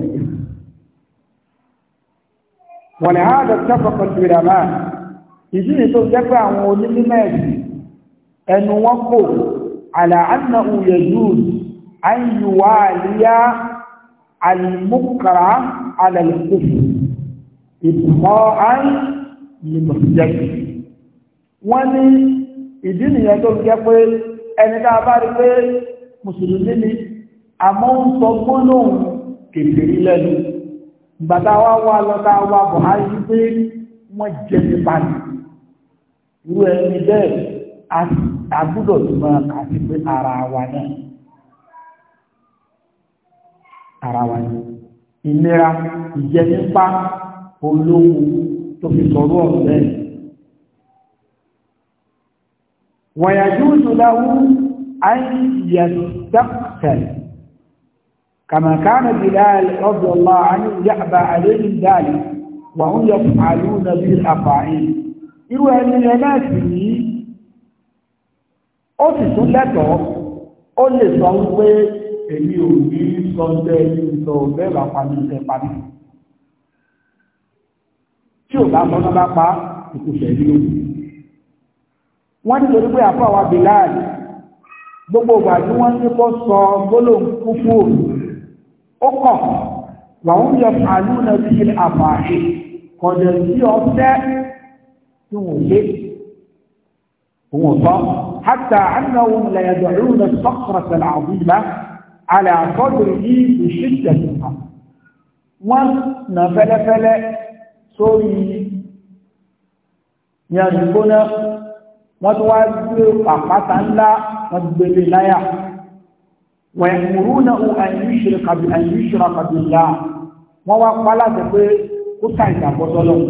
wọ̀n ni àádọ́ tẹ́kọ̀ọ́ tìrà máa ìdí ni tó jẹ́ pé àwọn onímọ̀ ẹ̀sìn ẹnu wọn kò على أنه يجوز أن يوالي المكره على الكفر إبقاء لمحجته wọ́n ní ìdí nìyẹn tó jẹ́ pé ẹni tá a bá rí pé mùsùlùmí ni àmọ́ ń sọ gbólóhùn kèfèrí lẹ́nu ìgbàtà wa wà lọ́ta wa buhari pé wọ́n jẹ́ nípa irú ẹni bẹ́ẹ̀ àti a gbúdọ̀ tún máa kà sí pé ara wa náà ara wa ni ìlera ìjẹnipa olówó tó fi sọ̀rọ̀ ọ̀rẹ́ wàyàjú ìdúláwú àìyàtàkùtàn kàmàkánà bilal ọdọ̀lá àní àlẹ́yìn dáàlì wà ń nàbí àfààní irú ẹni ẹ náà sì ní ó sì tún lẹ́tọ̀ọ́ ó lè sọ wípé èmi ò ní sọ bẹ́ẹ̀ ní sọ bẹ́ẹ̀ bá pa ní ìṣẹ́ pa mí tí ò bá mọ́ná bá pa ìkùsẹ̀ ní òní wọ́n ní torí pé àfọ́ àwa gbogbo ìgbà tí wọ́n ní kó sọ gbólóhùn kúkú òní ó kọ̀ wàhùn yọ àlùnà bíi àfààṣe kọ̀dẹ̀ sí ọ̀fẹ́ tí wọ́n lé هو صح حتى أنهم لا يدعون الصخرة العظيمة على قدره بشدة الحر ونفلفل سوري ينبون وتوزر طاقة لا وتبلي ليا ويأمرونه أن يشرك بأن يشرك بالله ووقع لا تقول كتا يتابع ظلم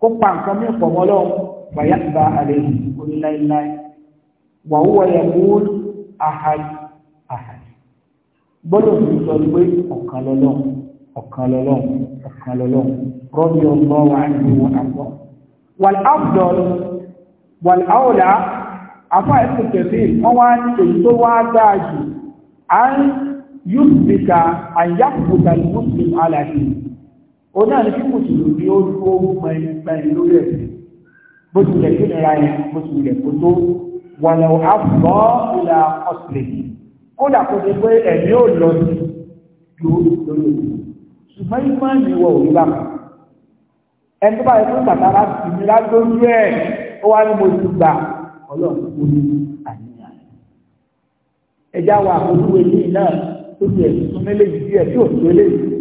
كتا يتابع ويأبى عليه قل لا إله وهو يقول أحد أحد بلو سيطلب أقل لهم أقل لهم أقل لهم رضي الله عنه وأرضاه والأفضل والأولى أفا ابن كثير موان تجتوى داجي أن يثبت أن يثبت المسلم على دينه هنا نشوف سيدي يقول مين مين bó ti lè tún ra yẹn bó ti lè kó tó wàlẹ̀ àbọ̀ ìlà ọ̀sẹ̀ kódà kó ti pé ẹ̀mí ò lọ sí ju lórí òkú ṣùgbọ́n ìmọ̀ ni wọ òun bá kà ẹni tó bá yẹ fún bàtà bá ti mi lójú ẹ̀ ó wá ní mo ti gbà ọlọ́run kú ní àníyàn ẹjẹ́ àwọn àkójúwe yìí náà tó ti ẹ̀sùn tún méléjì díẹ̀ tí ò tó léyìí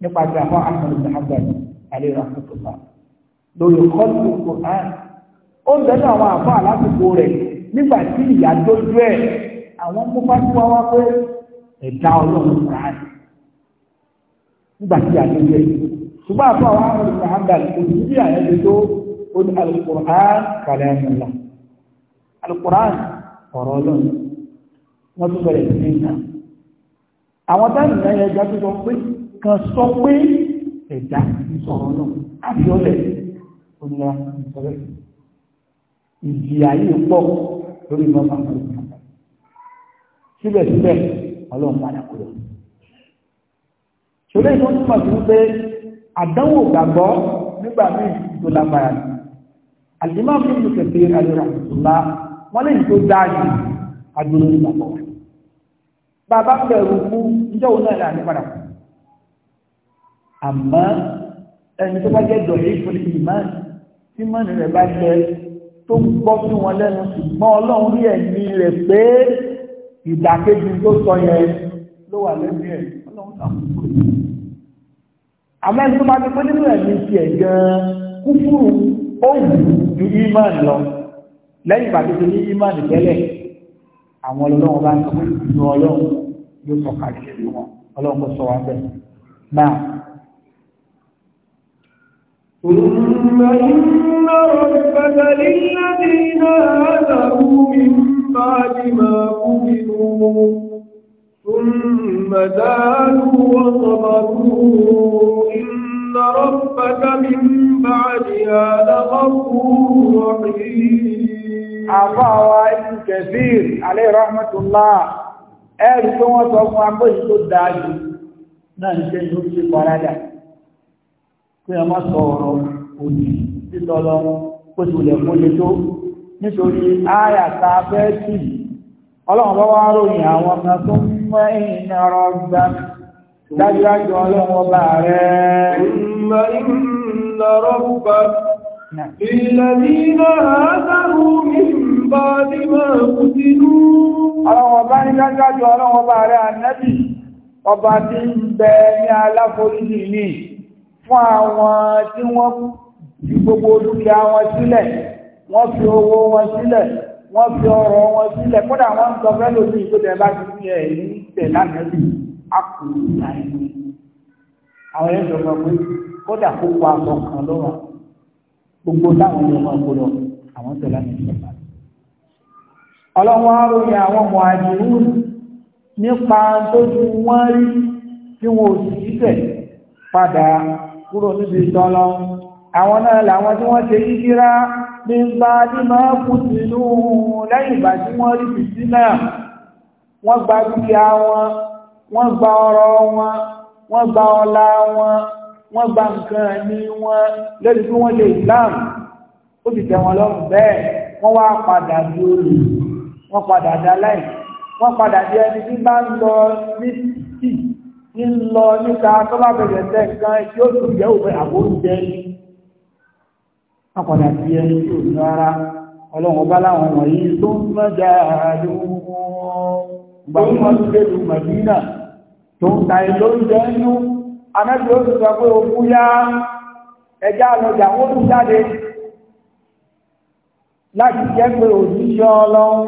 nípa ti àwọn akọ̀ròyìn yìí àlè rà bá lórí kọ́ọ̀tù kò náà ó ń bẹ̀rẹ̀ àwọn àfa àlásìkò rẹ̀ nígbà tí ìyá dojú ẹ̀ àwọn mú fásitì wá wá pé ẹ̀dá ọlọ́run rà á nígbà tí ìyá dojú ẹ̀ ṣùgbọ́n àfa àwọn àwọn olùkọ́ òṣìṣẹ́ bí àyẹ̀ ti tó ó ní alukur'an kàlẹ́ ẹ̀mọ́lá alukur'an ọ̀rọ̀ ọlọ́run wọ́n tún bẹ̀rẹ̀ sí ní àwọn táyì náà yẹ sọ pé kan sọ ìjìyà yìí pọ̀ lórí ìmọ̀ bàbá rẹ̀ síbẹ̀síbẹ̀ ọlọ́run padà kúrò. ṣòro ìtọ́ túmọ̀ sí wípé àdánwò gbàgbọ́ nígbà míì tó lágbára ni àdìmọ́ fún mi kẹfẹ́ àdúrà ìtura wọn lè tó dáàyè àdúrà ìgbàgbọ́. bàbá bẹ̀rù kú níjọ́ òun náà ní padà kú. àmọ́ ẹni tó bá jẹ́ dọ̀rí fún ìmọ̀ tí mọ́ni rẹ̀ bá jẹ́ tó ń gbọ́ sí wọn lẹ́nu ṣùgbọ́n ọlọ́run rí ẹ̀mí rẹ̀ pé ìdàkejì tó sọ yẹn ló wà lẹ́nu ẹ̀ ọlọ́run ṣàkóso àmọ́ ẹni tó máa ti pé nínú ẹ̀mí tiẹ̀ gan-an kúfúrú ó wù ju ìmánì lọ lẹ́yìn ìgbà tó ti ní ìmánì tẹ́lẹ̀ àwọn ọlọ́run bá ń sọ pé ìdùnnú ọlọ́run yóò sọ kàlẹ́ ìlú wọn ọlọ́run kò sọ wá bẹ́ẹ̀ náà. ثم إن ربك للذين هادوا من بعد ما قبلوا ثم زادوا وصبروا إن ربك من بعدها لغفور رحيم عفا ابن كثير عليه رحمة الله أعرف ما توقع به الداعي نحن نشوف في pé a má sọ ọ̀rọ̀ òdì títọ́lọ kó ti wùlẹ̀ fún lè nítorí áyàta fẹ́ tì ọlọ́run bá wá ròyìn àwọn kan tó ń mọ́ ẹ̀yìn gbà dájúdájú ọlọ́run ọba rẹ̀ ọlọ́run ọba ní dájúdájú ọlọ́run ọba rẹ̀ ọba tí ń bẹ ní aláforíjì ní fún àwọn tí wọ́n fi gbogbo dúkìá wọn sílẹ̀ wọ́n fi owó wọn sílẹ̀ wọ́n fi ọrọ̀ wọn sílẹ̀ kódà wọ́n ń sọ fẹ́lẹ̀ òní ìgbésẹ̀ bá ti fi ẹ̀ ní tẹ̀ lánàá bí akùnrin ìlànà àwọn yẹn sọ fún pé kódà kó pa aṣọ kan lọ́wọ́ gbogbo táwọn yẹn máa lọ àwọn tẹ̀ lánàá bí ọlọ́wọ́ aróyìn àwọn ọmọ àdìrú nípa tójú wọ́n rí tí wọn ò sì tẹ̀ padà kúrò níbi ìtọ́lọ àwọn náà làwọn tí wọ́n ṣe yíkírá ní bá ní máa kú sínú lẹ́yìn ìgbà tí wọ́n rí fìtí náà wọ́n gba dúkìá wọn wọ́n gba ọrọ̀ wọn wọ́n gba ọlá wọn wọ́n gba nǹkan ní wọn lórí bí wọ́n lè Islam ó sì tẹ̀ wọn lọ́rùn bẹ́ẹ̀ wọ́n wá padà di olè wọ́n padà di aláìsí wọ́n padà di ẹni tí bá ń lọ ní ń lọ níta tó bá bẹ̀rẹ̀ tẹ́ nǹkan yóò tún yẹ òfin àbóúnjẹ ní akọ̀dà sí ẹni tí ó ní rárá ọlọ́run láwọn wọ̀nyí tó ń mẹ́jà tó láti jẹ́ pé òjíṣẹ́ ọlọ́run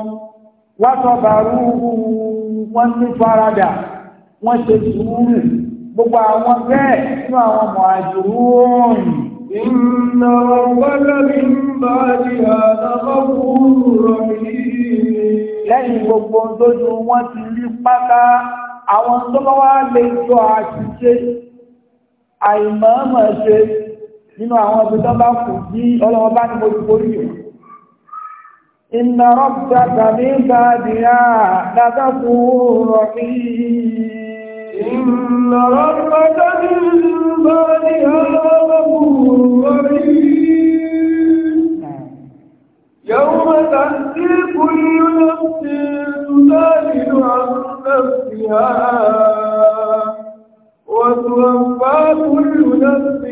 wá sọ bàrú ní faradà wọ́n ṣe sùúrù gbogbo àwọn bẹ́ẹ̀ nínú àwọn ọmọ àjòrúurùn Inna rabbaka min ba'diha laghafurur rahim. Lẹ́yìn gbogbo tójú wọ́n ti rí pátá, àwọn tó bá wá lè jọ àṣìṣe, àìmọ̀ọ́mọ̀ ṣe nínú àwọn ibi tó bá kù sí ọlọ́wọ́ bá ní mojú borí yìí. Inna rabbaka min ba'diha إن ربك من بعدها غفور رحيم يوم تأتي كل نفس تجادل عن نفسها وتوفى كل نفس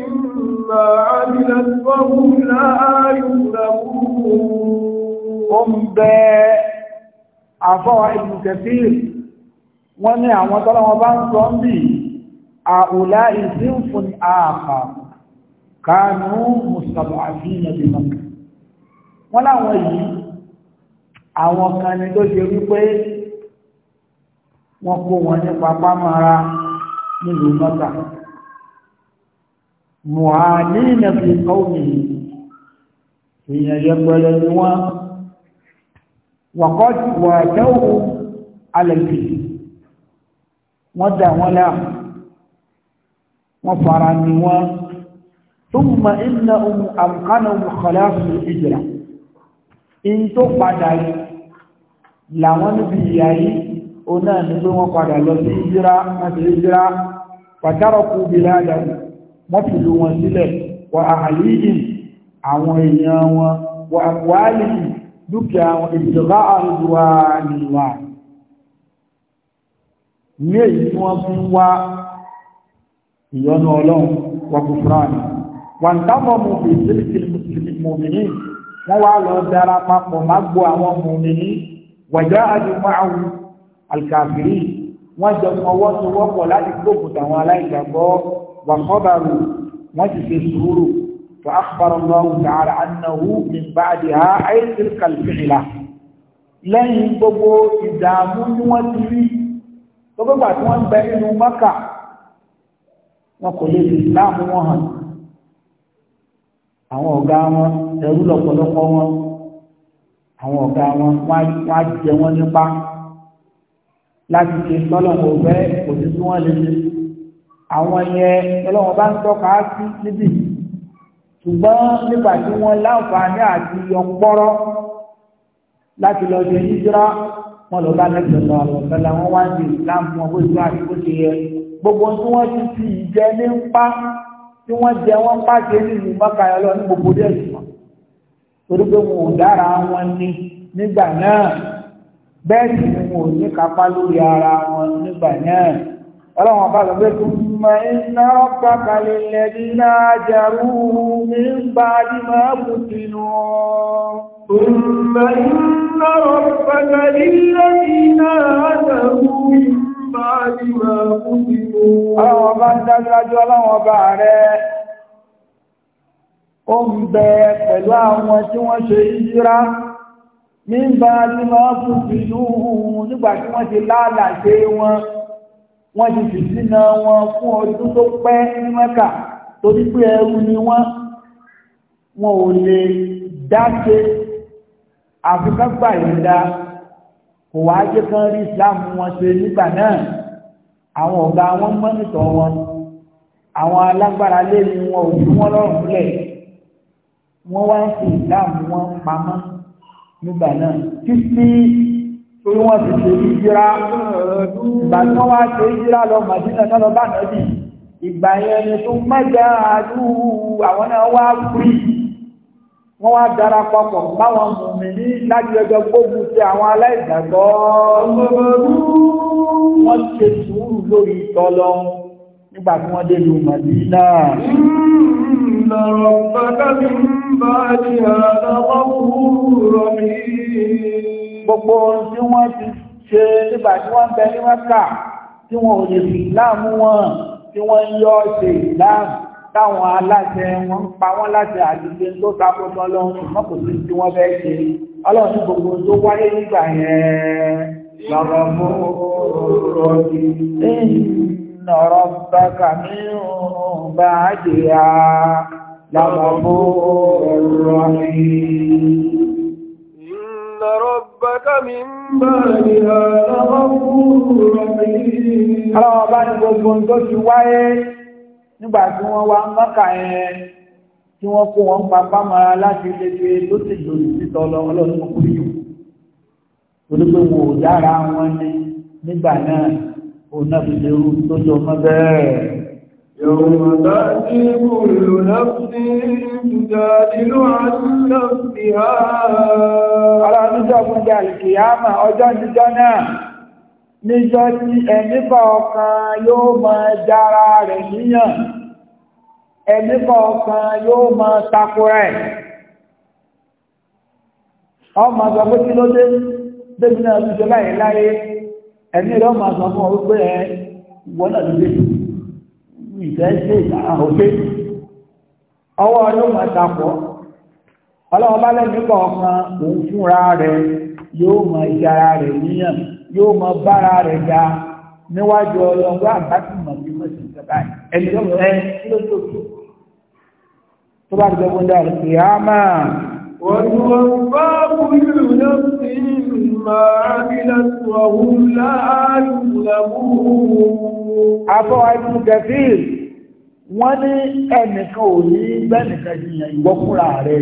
ما عملت وهم لا يظلمون هم بأعطاء ابن كثير wọ́n ní àwọn tọ́lọ́wọ́ bá ń sọ ń bí àùlá ìsìnfún ààfà kánú mustad'afina bi Makkah wọ́n láwọn yìí àwọn kan ni tó ṣe wípé wọ́n kó wọn ní papá mara nílùú Makkah mu'anina fi qawmihi èèyàn yẹpẹrẹ ni wàkọ́ wàjẹ́wò alẹ́ wọ́n dà wọ́n láàmú wọ́n fara ní wọ́n thumma innahum amkanahum khalaful hijra in tó padà yìí làwọn níbi ìyá yìí ó náà ní pé wọ́n padà lọ sí hijra wọ́n sì hijra fataraku biladahum wọ́n fi lu wọn sílẹ̀ wa ahlihim àwọn èèyàn wọn wa amwalihim dúkìá wọn ìdìgbà àrùn wa nìwà ní èyí tí wọ́n fún wá ìyọ́nú ọlọ́run wàkùfúránì wọ́n tábọ̀ mú ìsìlìsìlì mòmìnì wọ́n wá lọ dára papọ̀ mágbó àwọn mòmìnì wàjá فأخبر الله تعالى أنه من بعدها أي تلك الفعلة إذا من tó gbégbà tí wọ́n ń bẹ nínú mọ́kà wọn kò lè fi islam wọn hàn àwọn ọ̀gá wọn ẹrú lọ́pọ̀lọpọ̀ wọn àwọn ọ̀gá wọn wọ́n á jẹ wọ́n nípa láti ṣe tọ́lọ́mọ ọ̀fẹ́ kò sí tí wọ́n lè ṣe àwọn yẹn tọ́lọ́mọ bá ń tọ́ka sí níbí ṣùgbọ́n nígbà tí wọ́n láǹfààní àti yọpọ́rọ́ láti lọ ṣe yíjọ́rọ́ wọn lọ bá mẹ́sàn-án lọ àwọn ọ̀fẹ́lá wọn wá sí islam wọn bó ìlú àti bó ṣe yẹ gbogbo tí wọ́n ti fi ìjẹ ní ń pa tí wọ́n jẹ wọ́n pàṣẹ nínú mọ́kàyọ lọ ní gbogbo dé ẹ̀sùn torí pé wọn ò dára wọn ni nígbà náà bẹ́ẹ̀ sì ni wọn ò ní kápá lórí ara wọn nígbà náà ọlọ́wọ́n bá lọ́gbẹ́ tó mọ̀ iná pàkàlẹ̀ lẹ́bí náà jẹ́rú ní bá ní máa mú sínú ọmọ iná pàkàlẹ̀ lẹ́bí náà jẹ́rú ní bá ní máa mú sínú ọlọ́wọ́n bá ń dájúdájú ọlọ́wọ́n bá rẹ̀ ó ń bẹ pẹ̀lú àwọn tí wọ́n ṣe ìjírá ní bá ní máa mú sínú nígbà wọ́n ti láàlàṣe wọn wọ́n ti fi sínà wọn fún ọdún tó pẹ́ ní mẹ́kà torí pé ẹrú ni wọ́n wọn ò lè dáṣe àfikágbà ìrìnda kò wá jẹ́ kán rí islam wọn ṣe nígbà náà àwọn ọ̀gá wọn mọ́nìtọ̀ wọn àwọn alágbára léèrè wọn ò fi wọn lọ́rùn lẹ̀ wọ́n wá ń fi islam wọn pamọ́ nígbà náà títí torí wọ́n ti ṣe ìjírá ìgbà tí wọ́n wá ṣe ìjírá lọ màdínà sọ́lọ bá nàbì ìgbà yẹn ni tó mẹ́jẹ àdúrú àwọn náà wá fúrí wọ́n wá dára papọ̀ báwọn mùmí ní láti gbógun ti àwọn aláìgbàgbọ́ wọ́n ṣe sùúrù lórí ìtọ́lọ nígbà tí wọ́n dé lu màdínà Ìlọ̀rọ̀ bàtà ń bá ti àtàwọn òwúrọ̀ mi gbogbo ohun tí wọ́n ti ṣe nígbà tí wọ́n bẹ ní mẹ́kà tí wọ́n lè fi ìsìláàmù wọn tí wọ́n ń yọ ṣe ìsìláàmù táwọn aláṣẹ wọn ń pa wọ́n láti àdìgbé tó takọ́tọ́ ọlọ́run ṣùgbọ́n kò sí tí wọ́n fẹ́ ṣe ọlọ́run ní gbogbo tó wáyé nígbà yẹn lọ́rọ̀ fún rọ́ọ̀dì ìnọ̀rọ̀ bàkà mìíràn bá àjẹyà lọ́rọ̀ fún rọ́ọ̀dì ìnọ̀rọ̀ ربك من بعدها لغفور رحيم ọlọ́wọ́ bá ní gbogbo tó ti wáyé nígbà tí wọ́n wá mọ́kà yẹn tí wọ́n kó wọn papá mara láti léṣe tó sì lòdì títọ́ lọ ọlọ́run kúkú yìí torí pé dára wọn ní nígbà náà òun náà fi lè rú tó jọ mọ́ bẹ́ẹ̀. يوم تأتي كل نفس تجادل عن نفسها Ọlọ́run níjọ́ fún jẹ́ àlìkìyàmà ọjọ́ níjọ́ náà, níjọ́ tí ẹ̀mí kọ̀ọ̀kan yóò máa jára rẹ̀ níyàn, ẹ̀mí kọ̀ọ̀kan yóò máa takora ẹ̀. Ọmọ sọ pé kí ló dé, débìnà ìjọba ìláyé, ẹ̀mí rẹ̀ ọmọ sọ fún ọ wípé ẹ̀ wọ́n náà ló dé ìfẹ́ ṣe ọwọ́ yóò máa ọlọ́wọ́ bá lẹ́nu kọ̀ọ̀kan òun fúnra rẹ̀ yóò máa yára rẹ̀ níyàn yóò máa bára rẹ̀ ga níwájú ọlọ́gbọ́n àbáṣì mọ̀ bí wọ́n ti ń ẹni tó bá ti gbẹ́gbọ́n dáa rẹ̀ kì وتوفى كل نفس ما عملت وهم لا يظلمون àfọwà ibùn gẹ̀fíìl wọ́n ní ẹnìkan ò ní bẹ́nìkan jìyàn ìwọ fúnra rẹ̀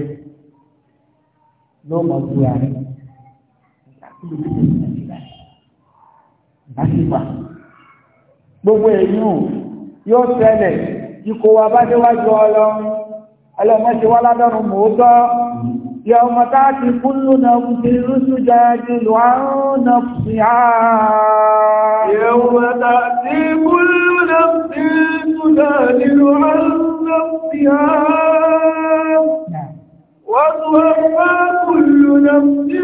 lọ́mọ fúnra rẹ̀ àtìpà gbogbo èèyàn yóò ṣẹlẹ̀ ikọ̀ wa bá déwájú ọlọ́run ọlọ́mọ ti wá ládọ́run mòótọ́ يوم تأتي كل نفس تجادل عن نفسها يوم تأتي كل نفس تجادل عن نفسها وتوفى كل نفس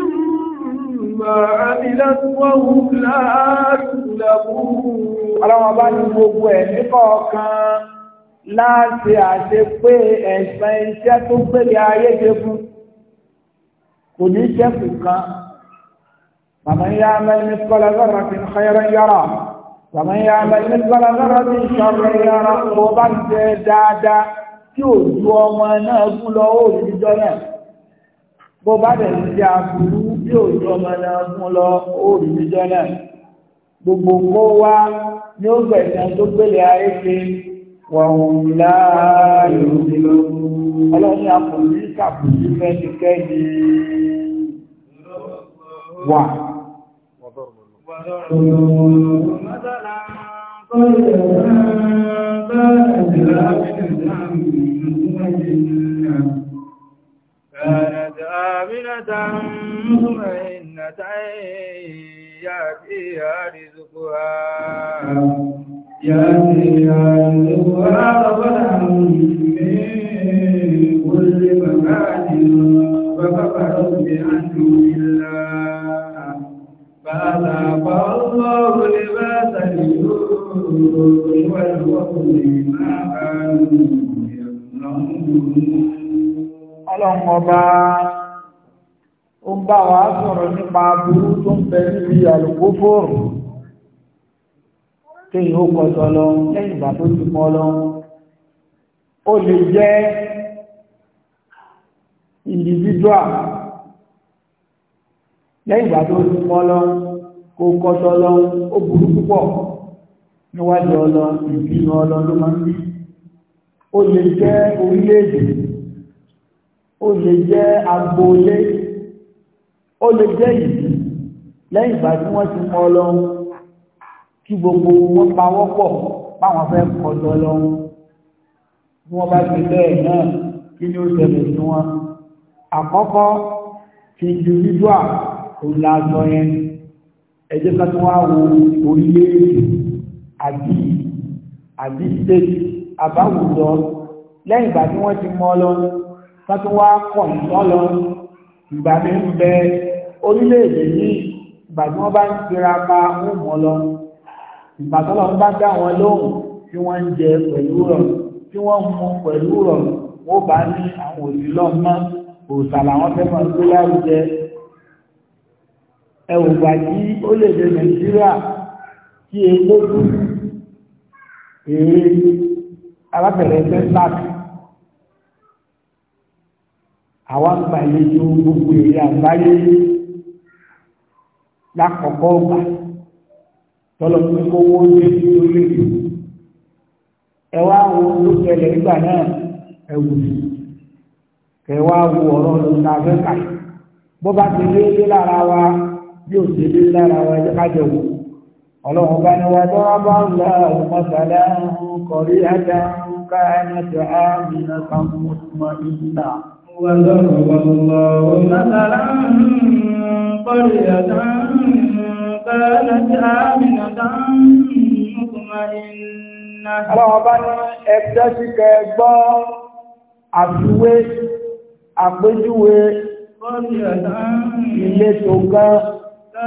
ما عملت وهم لا يظلمون Ọlọ́run ọba ní gbogbo ẹ̀mí kọ̀ọ̀kan láti àṣepé ẹ̀san iṣẹ́ tó gbélé ayé ṣe fún kò ní sẹ́kù kan faman ya'mal mithqala dharratin khayran yara faman ya'mal mithqala dharratin sharran yara kò bá ń jẹ dáadáa tí ò ju ọmọ náà gún lọ ó rí jọ náà bó bá dẹ̀ ń jẹ àbúrú tí ò ju ọmọ náà gún lọ ó rí gbogbo kó wá ní ó gbẹ̀sán tó gbélé ayé ṣe wọ̀n láàyò nílòó ọlọ́ni àpòlí kàpòlí mẹ́nikẹ́ni wà. كانت آمنة مطمئنة يأتيها رزقها يأتيها رزقها رغدا بعدو الله فأذاق الله لباس الجوع والوطن ما كانوا يصنعون Ọlọ́run ọba ó ń bá wa sọ̀rọ̀ nípa burú tó ń bẹ níbi àlùkófòrò tí ìhó kọ̀tọ̀ lọ lẹ́yìn ìgbà tó ti mọ́ lọ. Ó lè jẹ́ individual lẹ́yìn ìgbà tó ti mọ́ lọ kó kọ́tọ́ lọ ó burú púpọ̀ níwájú ọlọ ìbínú ọlọ ló máa ń bí ó lè jẹ́ orílẹ̀-èdè ó lè jẹ́ agboolé ó lè jẹ́ ìlú lẹ́yìn ìgbà tí wọ́n ti mọ́ lọ kí gbogbo wọn pawọ́ pọ̀ báwọn fẹ́ kọ́tọ́ lọ bí wọ́n bá ti bẹ́ẹ̀ náà kí ni ó ṣẹlẹ̀ sí wọn àkọ́kọ́ individual olùlàsọ yẹn ẹjẹ́ ká tún wá wo orílẹ̀-èdè àbí àbí state àbáwùjọ lẹ́yìn ìgbà tí wọ́n ti mọ́ lọ ká tún wá kọ̀ nítọ́ lọ ìgbà mi ń bẹ orílẹ̀-èdè yìí ìgbà tí wọ́n bá ń tira pa ń mọ́ lọ ìgbà tọ́lọ́ ń bá dá wọn lóhùn tí wọ́n ń jẹ pẹ̀lú rọ̀ tí wọ́n mú pẹ̀lú rọ̀ wọ́n bá ní àwọn òsì lọ́mọ òòsà làwọn fẹ́ máa gbé lárugẹ ẹ̀wùgbà tí ó lè dé nàìjíríà tí epo kú èrè alábẹ̀rẹ̀ mẹ́tàk àwọn àgbàlejò gbogbo èrè àgbáyé lákọ̀ọ́kọ́ ọgbà tọ́lọ̀ pé kó wó dé lórí ẹwà wo ló tẹlẹ̀ nígbà náà ẹ̀wù kẹwàá wo ọ̀rọ̀ lọ́sàbẹ́kà bó bá ti lé lé lára wa yóò ṣe lé lára wa ẹjẹ́ kájọ wò ọlọ́run bá ní wa bá bá ń la ọmọsàlá kọ̀rí ajá ń ká ẹnẹ́tẹ̀ àmìnà kan mọ̀ ìlà Ọlọ́run bá ní ẹgbẹ́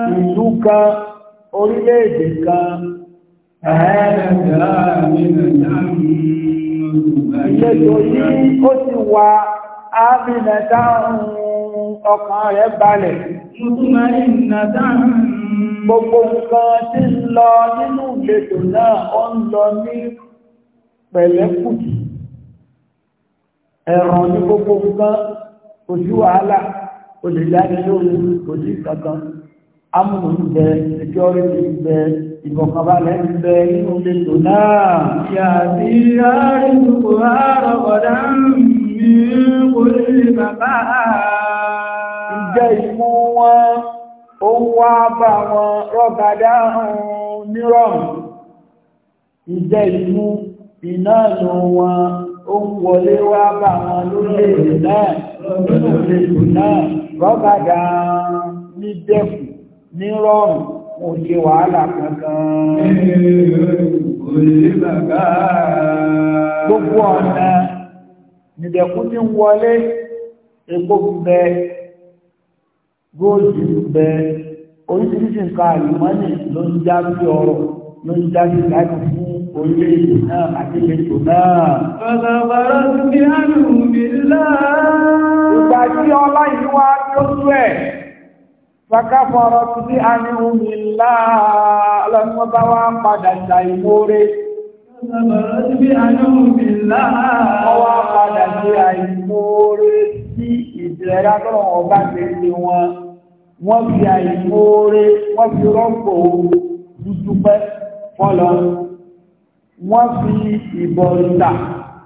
ìlú kan orílẹ̀-èdè kan ìṣètò yìí ó ti wà ábìnà dáhùn ọkàn rẹ̀ balẹ̀ gbogbo nǹkan tí ń lọ nínú ìletò náà ó ń lọ ní pẹ̀lẹ́kùtù ẹ̀ràn ní gbogbo nǹkan kò sí wàhálà olè dání lórí kò sí kankan amúnú ń bẹ security ń bẹ ìfọ̀kànbalẹ̀ ń bẹ inú lè tò náà yàtí àárín gbogbo àárọ̀ ọ̀dá mi kò lè bàbá ìjẹ́ ìmú wọn ó ń wá bá wọn rọ́gàdá nírọ̀rùn ìjẹ́ ìmú iná nù wọn ó ń wọlé wá bá wọn lórílẹ̀-èdè náà lórílẹ̀-èdè náà rọ́gàdá ní dẹ́kùn ní rọrùn kò ṣe wàhálà kankan. Gbogbo ọ̀nà nìdẹ̀kún ti ń wọlé epo bẹ góòlù bẹ oríṣiríṣi nǹkan àlùmọ́nì ló ń já sí ọrọ̀ ló ń já sí láti fún orílẹ̀-èdè náà àti ètò náà. Bàbá ti bí àlùmí láàá. Ìgbà tí ọlá yìí wá tó tú ẹ̀ fàkàfọ̀rọ̀ tí a ní omi ńlá lọ́nà bá wá padà ṣà ìmóre. Fàkàfọ̀rọ̀ tí a ní omi ńlá wá padà ṣà ìmóre sí ìjẹ́ra lọ́wọ́ ọba tẹ̀lé wọn. Wọ́n fi àìmóre, wọ́n fi rọ́pò dúdúpẹ́ fọ́lọ́. Wọ́n fi ìbọ̀rìta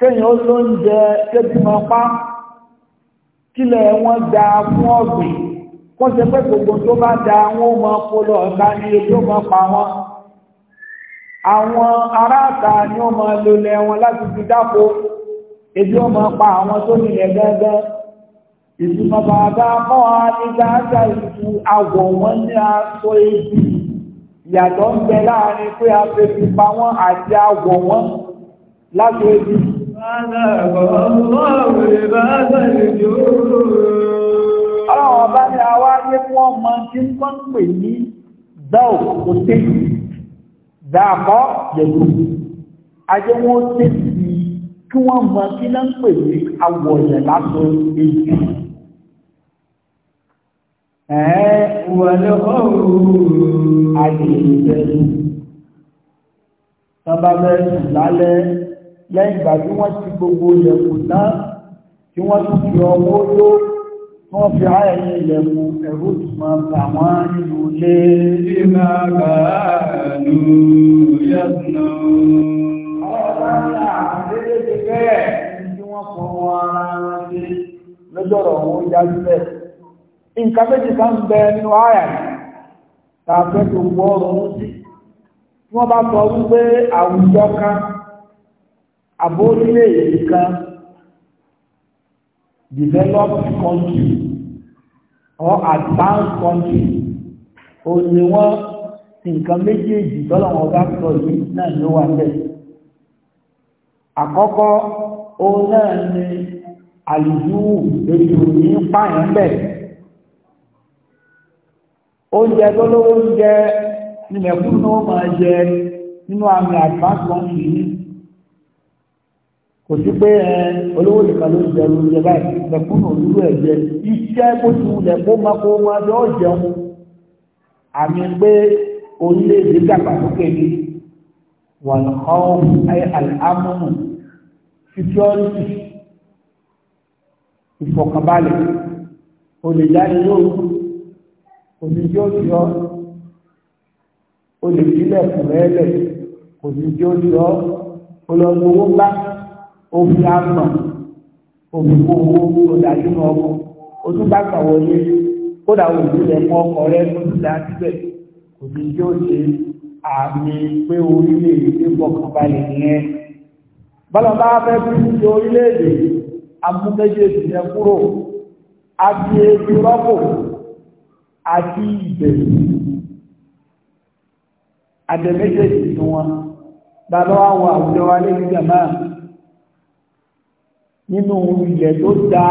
kéyàn ó ló ń jẹ kébìmọpá kílẹ̀ wọn da fún ọ̀gbìn wọ́n ṣe pé gbogbo tó bá da wọn ó mọ polo ọ̀gá ní ojú ó mọ pa wọn àwọn aráàta ni ó mọ lólẹ̀ wọn láti fi dáko ebi ó mọ pa àwọn tó nílẹ̀ gángan ìtumọ̀ bàbá mọ́ wa ní gáàsà ìtú àwọ̀ wọn ní aṣọ ebi ìyàtọ̀ ń bẹ láàrin pé a fẹ́ fi pa wọn àti àwọ̀ wọn láti ebi. Aláàbọ̀ ọlọ́run ìbáṣẹ̀ ìjọ́. Ọlọ́run ọba ni a wá yé fún ọmọ tí ń kọ́ ń pè ní dáò kò tẹ́sì dáàkọ́ yẹ̀lú ajé wọn tẹ́sì kí wọ́n mọ kí náà ń pè ní awọ̀yẹ̀ lásọ èyí. Ẹ̀ẹ́ wọlé ọ̀rùn àyè ìbẹ̀rù. Tọ́ba bẹ́ẹ̀ lẹ́yìn ìgbà tí wọ́n ti gbogbo ilẹ̀kùn náà tí wọ́n tún fi ọwọ́ tó wọ́n fi ààyè ní ilẹ̀kùn ẹ̀rù ìtumọ̀ bà wọ́n nínú ilé ìmọ̀ àgbàlù yẹ́sùnà lọ́jọ́rọ̀ wọn yájú bẹ́ẹ̀. nǹkan méjì kan bẹ nínú ààyà tàbí tó gbọ́ ọ̀rọ̀ wọn sí wọ́n bá sọ wípé àwùjọ kan abónílé yìí kan developed country or advanced country òní wọn nǹkan méjèèjì tọ́lọ̀ wọn bá sọ yìí náà ló wà bẹ́ẹ̀. àkọ́kọ́ òun náà ni àlùjúwù èyí ò ní pààyàn bẹ́ẹ̀. oúnjẹ tó lówó ń jẹ nílẹ̀kùn náà máa jẹ nínú àmì advanced country kò sí pé ẹ olówó nìkan ló ń jẹ ló ń jẹ báyìí lẹkùn náà olúwo ẹ jẹ iṣẹ́ kó tu lẹkùn máa kó máa fi ọ jẹun àmì pé orílẹ̀-èdè dàgbàsókè ni wọn kọ́ ẹ àlámùnù security ìfọ̀kànbalẹ̀ olè jáde lóru òní tí ó òfin àmà òfin kó owó ọ̀dà nínú ọkọ̀ o tún bá kàwọ́ yé kódà òfin rẹ̀ mọ́ ọkọ̀ rẹ̀ tó ti dá síbẹ̀ kò ní yóò ṣe àmì pé orílẹ̀-èdè fọkànbalẹ̀ nìyẹn bọ́lọ̀bá fẹ́ fún ṣe orílẹ̀-èdè amúgbẹ́jẹ̀sì yẹn kúrò àti ebi rọ́pò àti ìbẹ̀rù àdẹ̀mẹ́jẹ̀sì wọn bàbá wa wọ àwùjọ wa lẹ́yìn jàmáà nínú ilẹ̀ tó da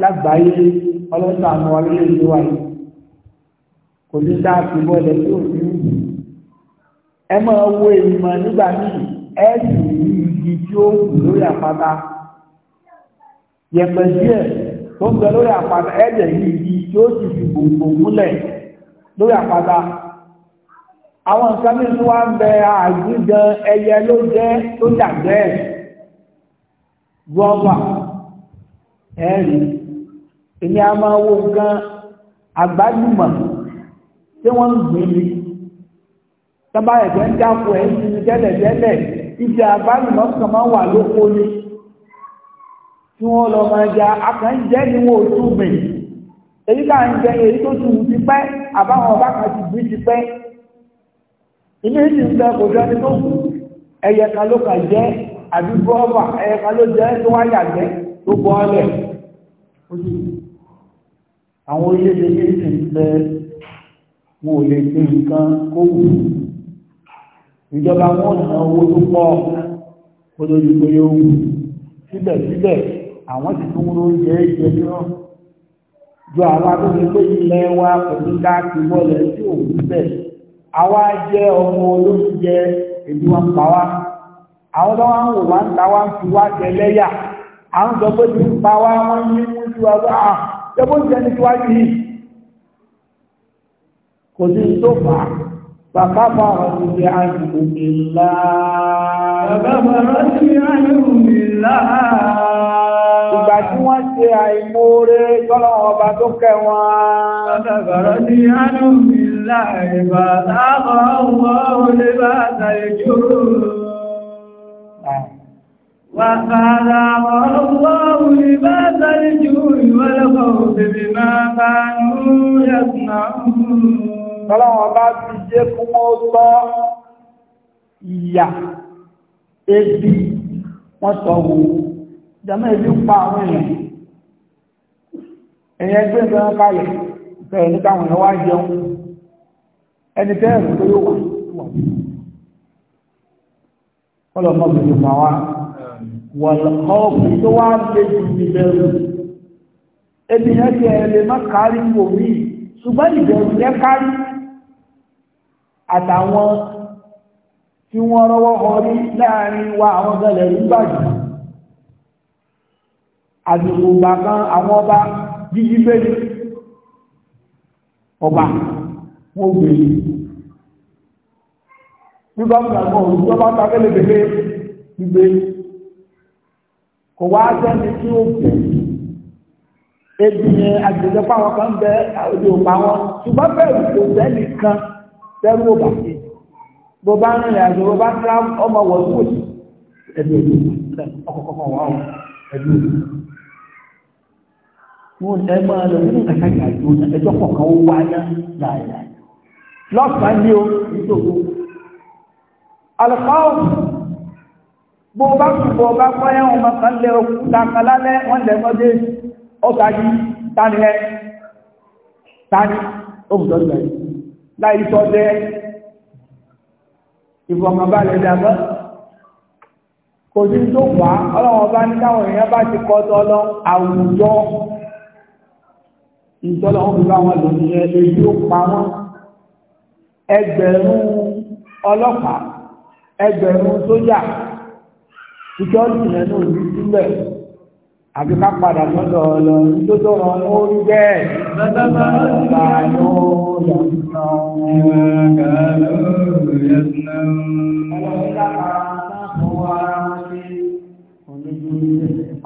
lágbàáyé ọlọ́sà àwọn orílẹ̀ èdè wa yìí kò ní dá àtìbọ̀ ilẹ̀ tí ò ní wù ẹ máa wo ìmọ̀ nígbà míì ẹ sì rí igi tí ó wù lórí àpáta yẹ̀pẹ̀ díẹ̀ tó ń bẹ lórí àpáta ẹ lè rí igi tí ó sì fi gbòǹgbò múlẹ̀ lórí àpáta àwọn nǹkan mìíràn wá ń bẹ àgbígan ẹyẹ ló jẹ́ tó jà bẹ́ẹ̀ rọ́bà ẹ̀rí èmi a máa wo nǹkan àgbájúmọ̀ tí wọ́n ń gbìn mí tábà ẹ̀jẹ̀ ń dáko ẹ̀ ń sinmi tẹ́lẹ̀tẹ́lẹ̀ ibi àgbájúmọ̀ kan máa wà lóko ni tí wọ́n lọ máa ja akànjẹ́ ni wọ́n ò tún gbìn èyí ká ń jẹ èyí tó tún ti pẹ́ àbáwọn ọba kan ti gbìn ti pẹ́ ilé ìsìn ń bẹ kò jọ tó kù ẹ̀yẹ kan ló kàn jẹ́ àbí bọ́ọ̀bà ẹ̀ẹ̀kan ló jẹ́ tó wá yàgbẹ́ tó bọ́ ọ́lẹ̀ ojú àwọn orílẹ̀-èdè méjì ń bẹ wọn ò lè ṣe nǹkan kó wù ìjọba wọn ná owó tó pọ̀ kó tó di pé ó wù síbẹ̀síbẹ̀ àwọn ti tún ló jẹ jẹ náà ju àwọn akókò pé ilẹ̀ wa pẹ̀lú káàkiri bọ́ọ̀lù tí òun bẹ̀ àwa jẹ́ ọmọ olóúnjẹ èdè wa pa wá àwọn tó wá ń wò wá ń ta wá ń fi wá tẹ lẹ́yà à ń sọ pé tí ń pa wá wọ́n yí mú sí wa bá a bó ń jẹ́ ní tiwájú yìí kò sí tó fà á bàbá bá ọ̀rọ̀ ti di àyùkù ìlà. bàbá bá ọ̀rọ̀ ti di àyùkù ìlà. ìgbà tí wọ́n ṣe àìmoore tọ́lọ́wọ́ ọba tó kẹ́ wọn. bàbá bá ọ̀rọ̀ ti di àyùkù ìlà ìbàdàn àwọn ọmọ olè وقال أمر الله لباس الجوع والخوف بما كانوا يصنعون Ọlọ́run bá ti jẹ́ fún ó tọ́ ìyà, ebi, wọ́n sọ wo, ebi ń pa àwọn èèyàn. Èèyàn gbé ìgbẹ̀rún kalẹ̀, bẹ̀rẹ̀ ní káwọn ìwá jẹun, ẹni tẹ́ẹ̀rù tó yóò wà kọlọmọ bìbì pa wá wọ̀lọ́ọ̀bù tó wá lé ju ìbẹ̀rù ebi yẹn ti ẹ̀rẹ̀ má kárí wò mí ṣùgbọ́n ìbẹ̀rù yẹn kárí àtàwọn tí wọ́n rọwọ́ ọrí láàrin wa àwọn gẹlẹ̀ nígbàjú àdìgbò gbà àwọn ọba jíjí bẹ́ẹ̀ ọba wọn gbèrè bíbá gbàgbọ́ òjò bá ta kẹ́lẹ́ kẹ́lẹ́ gbígbé kò wá sẹ́ni tí ó bẹ̀ ebi yẹn agbègbè fáwọn kan bẹ òde òpá wọn ṣùgbọ́n bẹ́ẹ̀ kò sẹ́ni kan sẹ́rú òbá sí bó bá ń rìn àjò bó bá ń ra ọmọ wọ̀ sí òjì ẹbí òjò ọkọ̀kọ̀kọ̀ wà ó ẹbí òjò wọn ẹ máa lọ nínú kàkàkì àjò ẹjọ́ kọ̀ọ̀kan ó wáyá láàyè lọ́sàn-án alùpàwù bó bá kù bó bá pẹ́ ẹ̀hùn mọ̀kàn lẹ òkúta kan lálẹ́ wọ́n lẹ̀ mọ́dé ọ̀gá yìí tani ẹ tani òmùtọ́ ìgbà yìí láì sọ jẹ́ ìfọ̀mọ̀balẹ̀ dàgbọ́ kò sí tó wà ọlọ́wọ́n bá ní káwọn èèyàn bá ti kọ́ tọ́ lọ àwùjọ ìtọ́lọ̀ wọn bá wọn lò ní ẹ̀ èyí pa wọn ẹgbẹ̀rún ọlọ́pàá ẹgbẹ̀rún sójà ìjọ ìsìnlẹ̀ náà ní sílẹ̀ àbí ká padà lọ́dọ̀ lọ tó tó ràn ó rí bẹ́ẹ̀ lọ́dọ̀lọ́dọ̀ ló yọ sọ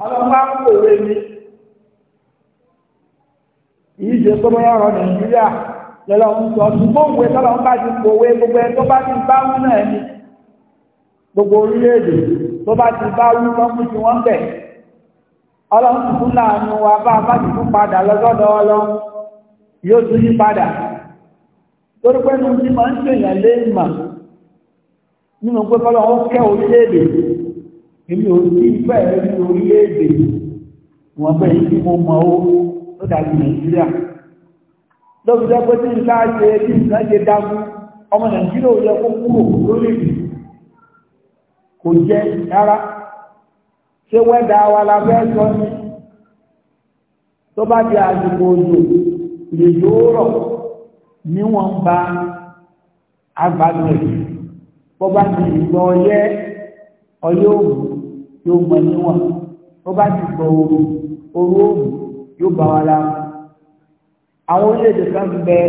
ọlọ́pàá ń pòwe mi yìí ṣe pé bóyá ọ̀rọ̀ nàìjíríà lọ́lọ́ ń sọ ṣùgbọ́n òwe tọ́lọ́ ń bá ti pòwe gbogbo ẹ̀ tó bá ti bá wú náà ni gbogbo orílẹ̀-èdè tó bá ti bá wí sọ́kùn tí wọ́n bẹ̀ ọlọ́run tuntun láàánú wa bá bá ti padà lọ́sọ́dọ̀ ọlọ́run yóò tún yí padà torí pé ti máa ń ṣèyàn lé mà nínú pé kọ́lọ́ ó kẹ́ orílẹ̀-èdè èmi ò sí ìfẹ́ orílẹ̀-èdè wọn bẹ́ẹ̀ mo tó dàbí nàìjíríà tí nǹkan ṣe tí nǹkan ṣe kò jẹ́ rárá ṣé wẹ́dà wa la fẹ́ sọ ní tó bá di àsìkò òjò lè yóòrọ̀ níwọ̀n ba agbádùn ẹ̀ bó bá ti gbọ́ ọyẹ́ ọyẹ́ òòrùn yóò mọ níwọ̀n bó bá ti gbọ́ òòrùn orú òòrùn yóò bá wa la àwọn orílẹ̀-èdè kan bẹ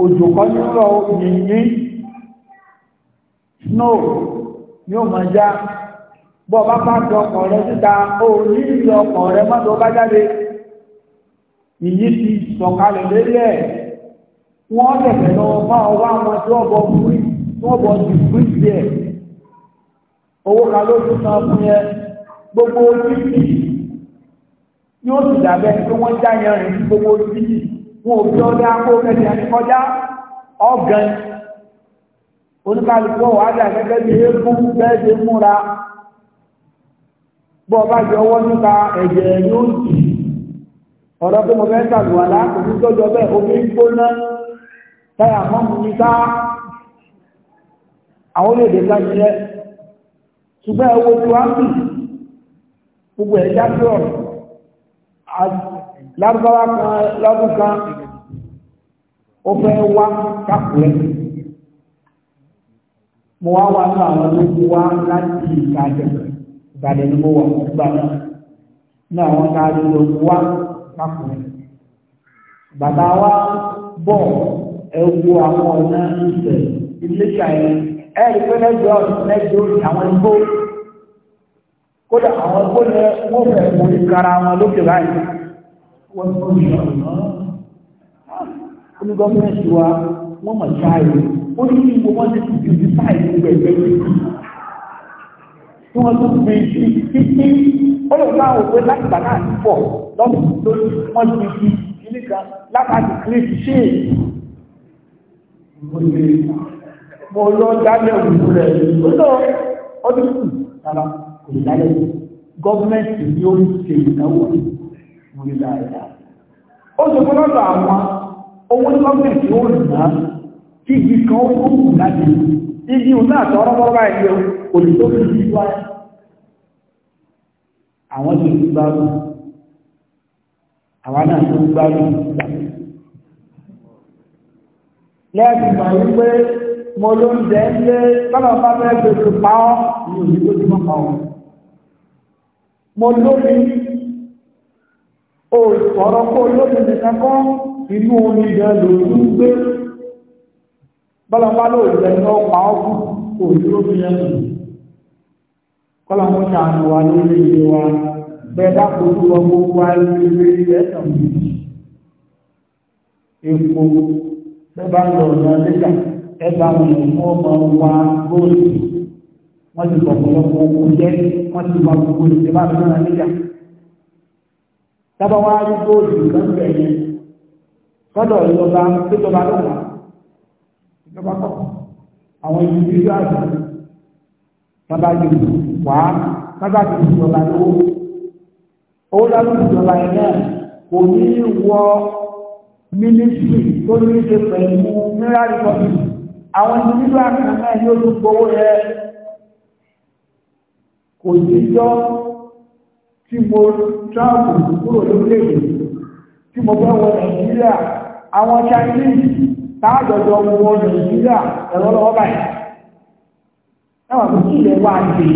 òjò kan nílò òyìnbí snow ni ó máa já bọ́ bá pàṣẹ re rẹ síta ó ní ìlú ọkọ̀ rẹ mọ́tò bá ti sọ̀kalẹ̀ lórí ẹ̀ wọ́n tẹ̀sẹ̀ lọ máa wá wọn tí wọ́n bọ̀ fún wọ́n bọ̀ jù fún ìdí ẹ̀ gbogbo títì yóò sì gbogbo títì wọn oníkálukú wà dà gẹ́gẹ́ bí eégún bẹ́ẹ̀ ṣe múra bọ́ ọba jọ ọwọ́ nípa ẹ̀jẹ̀ yóò jì ọ̀rọ̀ pé mo fẹ́ ṣàlùwàlá kò ní tọ́jọ́ bẹ́ẹ̀ omi ń gbóná táyà mọ́mù ní ká àwọn olóòdè kájílẹ̀ ṣùgbọ́n ẹwọ́ tí wá sì gbogbo ẹ̀dá tí ọ̀rọ̀ lárúbáwá kan lọ́dún kan ó fẹ́ wá kápẹ́ mo wá wá sọ àwọn tó wá láti ìgbàdàn ìgbàdàn ni mo wà nígbà náà ní na tá a wá lákùnrin bàbá wa bọ̀ àwọn ọ̀nà ìṣẹ̀ ẹ rí pé lẹ́jọ́ lẹ́jọ́ àwọn igbó kódà àwọn igbó ni wọ́n fẹ́ mú ìkara wọn lókè báyìí wọ́n wa wọ́n mọ̀ ṣáà yìí. ó ní kí gbogbo ọdún ti bìbí báyìí gbogbo ẹgbẹ́ yìí tí wọ́n tún fi ṣe títí ọlọ́pàá òwe láti bàtà àtúbọ̀ lọ́dún lórí wọ́n ti fi ilé kan lápàtì clip ṣe mo lọ dálẹ̀ òwú rẹ̀ lọ ọdún kù sára kò dálẹ̀ gọ́ọ̀mẹ̀ntì ni ó ń ṣe ìnáwó mo lè dáadáa ó ṣe fún lọ́dọ̀ àwọn owó gọ́ọ̀mẹ̀ntì ó rìn náà kí igi kan ó kó kù láti igi òun náà tọ́ ọ́rọ́bọ́rọ́ báyìí yẹ kò lè tó fi wá àwọn tó ti gbárù àwọn náà tó gbárù lẹ́ẹ̀kì mọ̀ wípé mo ló ń jẹ́ ilé tọ́lọ̀ bá fẹ́ gbèsè pa ọ́ ní òní tó ti pa ọ́ mo lómi o sọ̀rọ̀ kó lómi nìkan kọ́ inú omi gan lòún gbé bọ́lá bá lóò jẹ́ ní ọpa ọkù òdúró fi ẹ̀kù kọ́lá mú ṣàánú wa lórí ilé wa bẹ́ẹ̀ dákòó lọ gbogbo ayé lórí ẹ̀sán mi epo bẹ́ẹ̀ bá lọ ọ̀nà lẹ́jà ẹgbà mi mú ọmọ wa góòlù wọ́n ti bọ̀pọ̀lọpọ̀ oko jẹ́ wọ́n ti wà gbogbo ìṣẹ́ bá fi náà lẹ́jà tábà wá rí góòlù kan bẹ̀rẹ̀ sọ́dọ̀ ìjọba tó jọba lọ́wọ́ lọ́ba kọ̀ àwọn ìdílé àti bàbá yìí wá bàbá ti di ìjọba lówó owó lábẹ́ ìjọba yẹn náà kò ní í wọ mínísírì tó ní í ṣe pẹ̀lú mineral republic àwọn ìdílé àti náà yóò tún gbowó yẹ kò sí jọ́ tí mo tíráàbù kúrò lórílẹ̀-èdè tí mo bá wọ nàìjíríà àwọn chinese táàjọjọ wọ nàìjíríà ẹ̀rọ lọ́wọ́ báyìí táwọn àti kí ilẹ̀ wá dé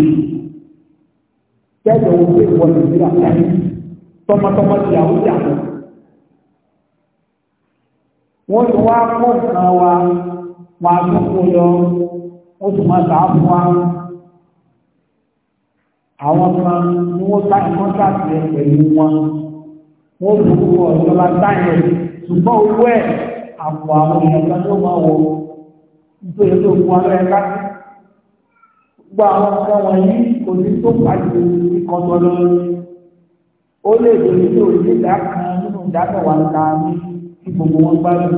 kẹ́jọ wo pé wọ nàìjíríà láyé tọmọtọmọ ti àwọn ìjà lọ. wọ́n ti wá pọ̀ kan wa wọn a tún kó lọ wọ́n ti máa tàá fún wa. àwọn kan ni wọ́n ta kọ́ńtàkì ẹ̀ pẹ̀lú wọn wọ́n fún ọ̀dọ́ la táyẹ̀ ṣùgbọ́n owó ẹ̀ àpò àwọn èèyàn kan ló máa wọ nítorí tó fún ara ẹ ká gbọ́ àwọn nǹkan wọ̀nyí kò sí tó pàdé ìkan tó lọ ó lè dòní tó ní ìdá kan nínú ìdá mẹ́wàá ní tí gbogbo wọn bá lò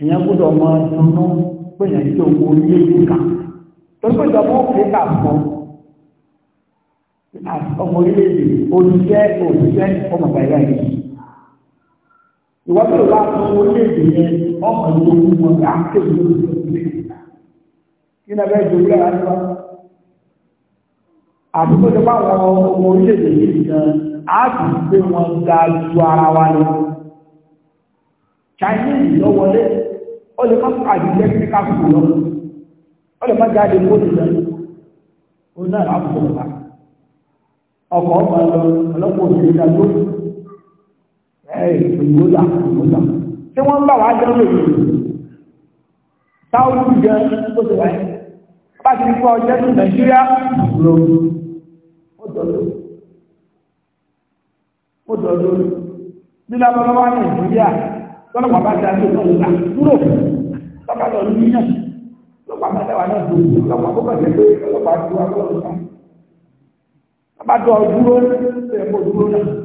èèyàn gbọ́dọ̀ mọ dunnú pé èèyàn tó kó ilé ìka torí pé ìjọba ó fi kà ọmọ orílẹ̀-èdè olùjẹ́ òṣìṣẹ́ ọmọ bàbá yìí ìwọ́n tó bá tó orílẹ̀-èdè yẹn ọmọ ìlú ogun wọn kà á kéwì lórí orílẹ̀-èdè náà kí nàbẹ́ ìdòwú yàrá tó wá. àdúgbò tó bá wọn ọmọ orílẹ̀-èdè yìí gan á sì gbé wọn ga ju ara wa lọ. chinese lọ wọlé ó lè má pàdé technical school lọ ó lè má jáde kóòtù lọ ó náà á fò ọkọ̀ ọmọ ọlọ́pàá òṣèlú ìdàgbò ìgbòlà ìgbòlà tí wọ́n ń bá wàá jẹ́ lórí sáwọ́dù jẹ́ tó ti wáyé bá ti fọ́ ọjọ́ ní nàìjíríà lọ ó dọ̀dọ̀ ó dọ̀dọ̀ nílá lọ́wọ́ nàìjíríà lọ́nà wà bá ti àti ìgbòlà dúró lọ́pàá lọ ní yíyàn lọ́pàá mẹ́tẹ́wà náà tó lọ́pàá tó kọ̀ jẹ́ pé lọ́pàá tó wà lọ́pàá dúró ó yẹ dúró náà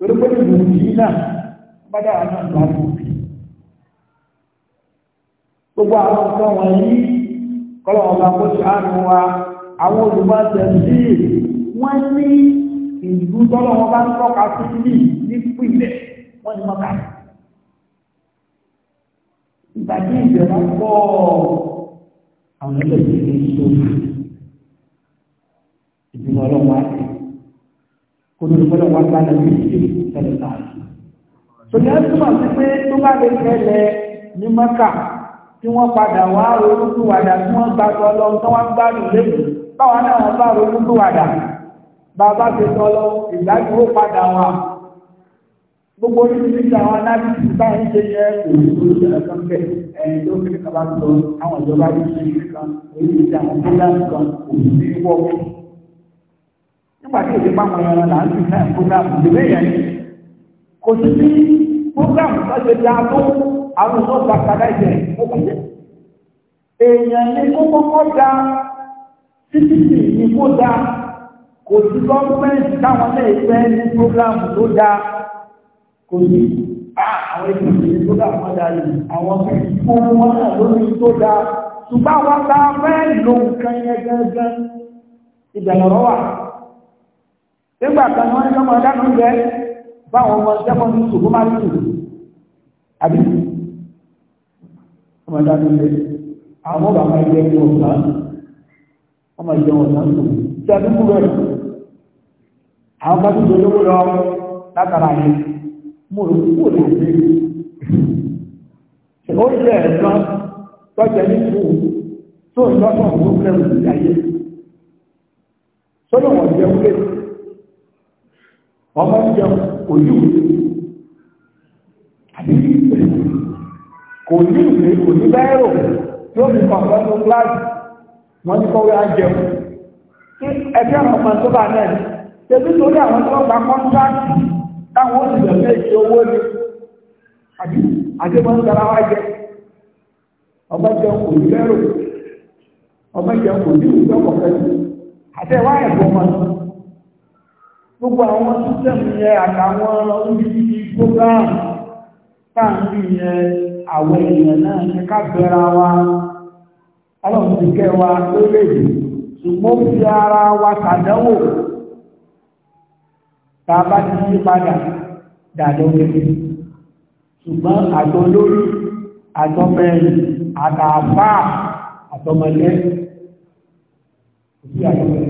torí pé ìlú yìí náà bàdà àwọn àgbà tó bí gbogbo àwọn nǹkan wọ̀nyí kọ́lọ̀ ọba kó ṣàánú wa àwọn olùmọ̀ọ́sẹ̀ sí wọ́n ní ìlú tọ́lọ̀ wọn bá ń tọ́ka sí ní nípìnlẹ̀ wọ́n ní mọ́ka ìgbà tí ìjọba pọ̀ àwọn ẹgbẹ́ ìgbésí tó ìdùnnú ọlọ́wọ́ àti olùdókòwò wa gba lẹ́nu ìdílé tẹ́lẹ̀ náà. sọ̀rọ̀ yẹn túmọ̀ sí pé tó bá lè tẹ́lẹ̀ ní mọ́kà tí wọ́n padà wá ronúkúwàdà tí wọ́n gba tọ́ lọ tí wọ́n gbádùn lẹ́nu báwa náà wọ́n bá ronúkúwàdà bàbá ti tọ́ lọ ìgbàgbọ́ ó padà wà. gbogbo oríṣiríṣi àwọn aláàbíyí báyìí ṣe yẹ òṣèlú ẹ̀kan bẹ́ẹ̀ ẹ̀yìn tó fi kaba tó àwọn ìjọba yìí ṣe nǹkan oríṣiríṣi àwọn fúlàní kan òṣèlú wọ́pọ̀ pàtó ìdí pápá ẹran là ń sì náà fúgàmù ìdílé yẹn kò sí bí fúgàmù lọ́sẹ̀ dá tó àwọn ọ̀dọ́ gbàgbàdá ìjẹ́ ìfowópamọ́ èèyàn ní kó kọ́kọ́ da títí ní kó da kò sí gọ́ọ̀mẹ́ntì táwọn náà fẹ́ ní fúgàmù tó da kò sí àwọn ìgbìmọ̀ tó dá wọn dá yìí àwọn fún wọn náà lórí tó dá ṣùgbọ́n wọn bá fẹ́ lo nǹkan yẹn gángan ìgbàlọ́rọ́ wà nígbà kan ni wọ́n ní lọ́mọ dáná ń bẹ báwọn ọmọ sẹ́mọ̀ ní sùkú máa ń sùn àbí ọmọ dáná ń bẹ àwọn ọmọ bàbá ẹgbẹ́ ẹgbẹ́ ọ̀sán ọmọ ìjọ ọ̀sán sùn tí a ti kú bẹ́ẹ̀ àwọn bá tó dolówó lọ látara yẹn mo rò kú òde òde ó jẹ ẹ̀sán tọ́jà ní kú tó ń lọ́sàn-án tó fẹ́ràn ìyá yẹn sọ́dọ̀ wọ́n jẹ́ wúlé wọ́n máa ń jẹun kò ní ìwé àti ìwé kò ní ìwé kò ní bẹ́ẹ̀rù yóò fi kàn fún ẹnu kíláàsì wọ́n ti kọ́wé ajẹun tí ẹgbẹ́ àwọn ọmọ tó bá náà tẹbí torí àwọn tó gba kọ́ńtáàtì táwọn òṣìṣẹ́ méjì owó ni àti ní bẹ́ẹ̀rù ọmọ jẹun ọmọ gbogbo àwọn sísẹ̀mù yẹ àtàwọn oríṣiríṣi program táàbí yẹ àwọn èèyàn náà ní ká bẹ̀rẹ̀ wa ọlọ́run ti kẹ́ wa lórílẹ̀-èdè ṣùgbọ́n fi ara wa ṣàdánwò tá a bá ti yí padà dàdọ́ gẹ́gẹ́ ṣùgbọ́n àjọ lórí àtọ́mẹ́rin àtàfà àtọmọlẹ́ òbí àtọmọlẹ́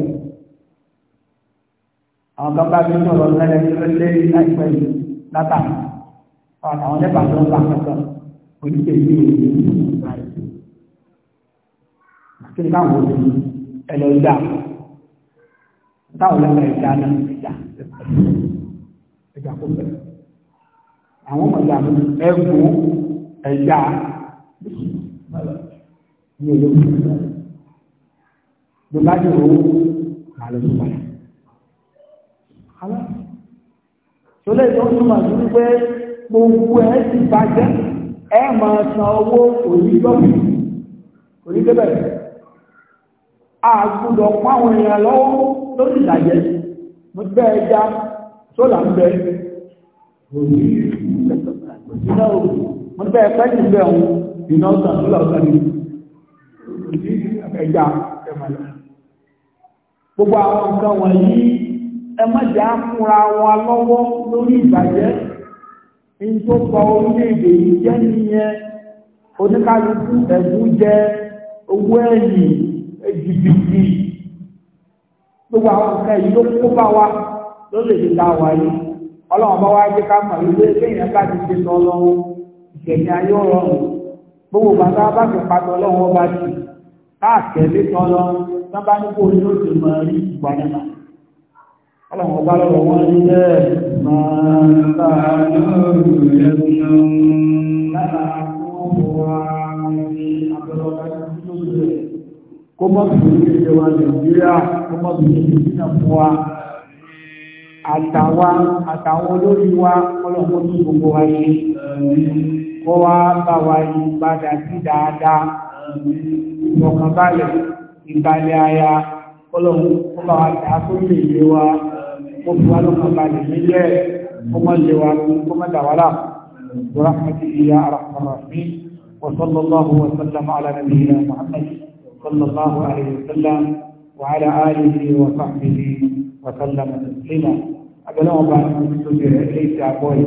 àwọn kan bá mi sọ̀rọ̀ lẹ́lẹ́ lẹ́lẹ́ láìpẹ́ yìí látà àwọn nípa tó ń bá kankan oníṣẹ́ ìlú ìlú kí ni káwọn òbí ẹ lọ dá táwọn lẹ́nu ẹ̀dá náà ẹ̀dá ẹ̀dá kó bẹ̀rẹ̀ àwọn ọmọdé àmì ẹ̀gbọ́n ẹ̀dá ní olóògbé ló bá dùn owó màá lọ sí padà ṣọlẹ̀ tó ń túmọ̀ sí wípé gbogbo ẹ̀ ti bàjẹ́ ẹ máa san owó onígbọ́pì onígbẹ́bẹ̀ àgbùdọ̀ páwọn èèyàn lọ́wọ́ lórí ìlàjẹ́ mo gbẹ́ ẹja sólà ń bẹ ìná òkú mo gbẹ́ ẹ̀pẹ́ nígbẹ́ ọ̀hún ìná ọ̀sán sólà ọ̀sán ní ẹja ẹ̀mọ̀lá gbogbo àwọn nǹkan wọ̀nyí ẹ má jà á fúnra wa lọ́wọ́ lórí ìbàjẹ́ ní tó gba orílẹ̀-èdè yìí jẹ́ nìyẹn oníkálukú ẹ̀bùn jẹ owó ẹ̀yìn jìbìtì gbogbo àwọn nǹkan yìí ló kó bá wa lórílẹ̀-èdè tá a wà yìí ọlọ́run bá wá jẹ́ ká mọ̀ wípé kéèyàn bá ti ṣe lọ lọ́wọ́ ìkẹ̀yìn ayé ọ̀rọ̀rùn gbogbo bàtà bá ti pàtó ọlọ́run ọba jù káàkiri tọ́lọ́ sábà nípò ní ó ti mọ̀ rí ìgbà náà ọlọ́pọ̀ bá lọ́rọ̀ wọ́n ní jẹ́ máa ń bá lọ́rọ̀ ẹ̀kùn lára kó mọ́ sí ilé wa nàìjíríà kó mọ́ sí ilé ìdínà fún wa àtàwa àtàwọn olórí wa ọlọ́pọ̀ tó gbogbo wa ṣe kó wá bá wa yí padà sí dáadáa ìfọ̀kànbalẹ̀ ìbalẹ̀ aya ọlọ́pọ̀ bá wa dá sórí ilé wa ó fi wá lọ́kàn balẹ̀ nílẹ̀ kó mọ́ lè wa kó mọ́ dà wá là برحمته يا ارحم الراحمين وصلى الله وسلم على نبينا محمد صلى الله عليه وسلم وعلى اله وصحبه وسلم تسليما abẹ́lẹ́ wọn bá ní tó bẹ̀rẹ̀ ilé ìtẹ́ àbọ́yì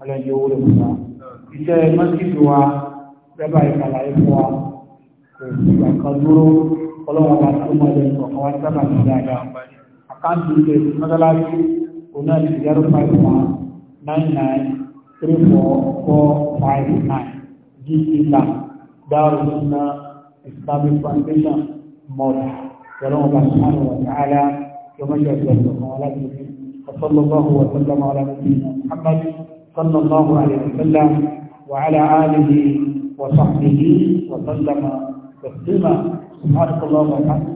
ọlọ́jẹ́ owó lè fún wa iṣẹ́ mọ́síkì wa rẹ́bà ìkàlàyé fún wa kò sí ìgbà kan dúró ọlọ́wọ́n bá tó mọ́ ẹgbẹ́ ìkọ̀kan wá sábà ní dáadáa káàdì ilé mọ́tàláṣí òun náà ní zero five one nine nine three four four five nine GE Bank Darul Sunnah Islamic Foundation mọ́tà pẹ̀lú ọba sùnmọ́nù wọ̀nyí àlá yọmọṣẹ́ ìṣẹ̀lẹ̀ ọ̀kan aláṣẹ وصلى الله وسلم على نبينا محمد صلى الله عليه وسلم وعلى آله وصحبه وسلم تسليما سبحانك اللهم وبحمدك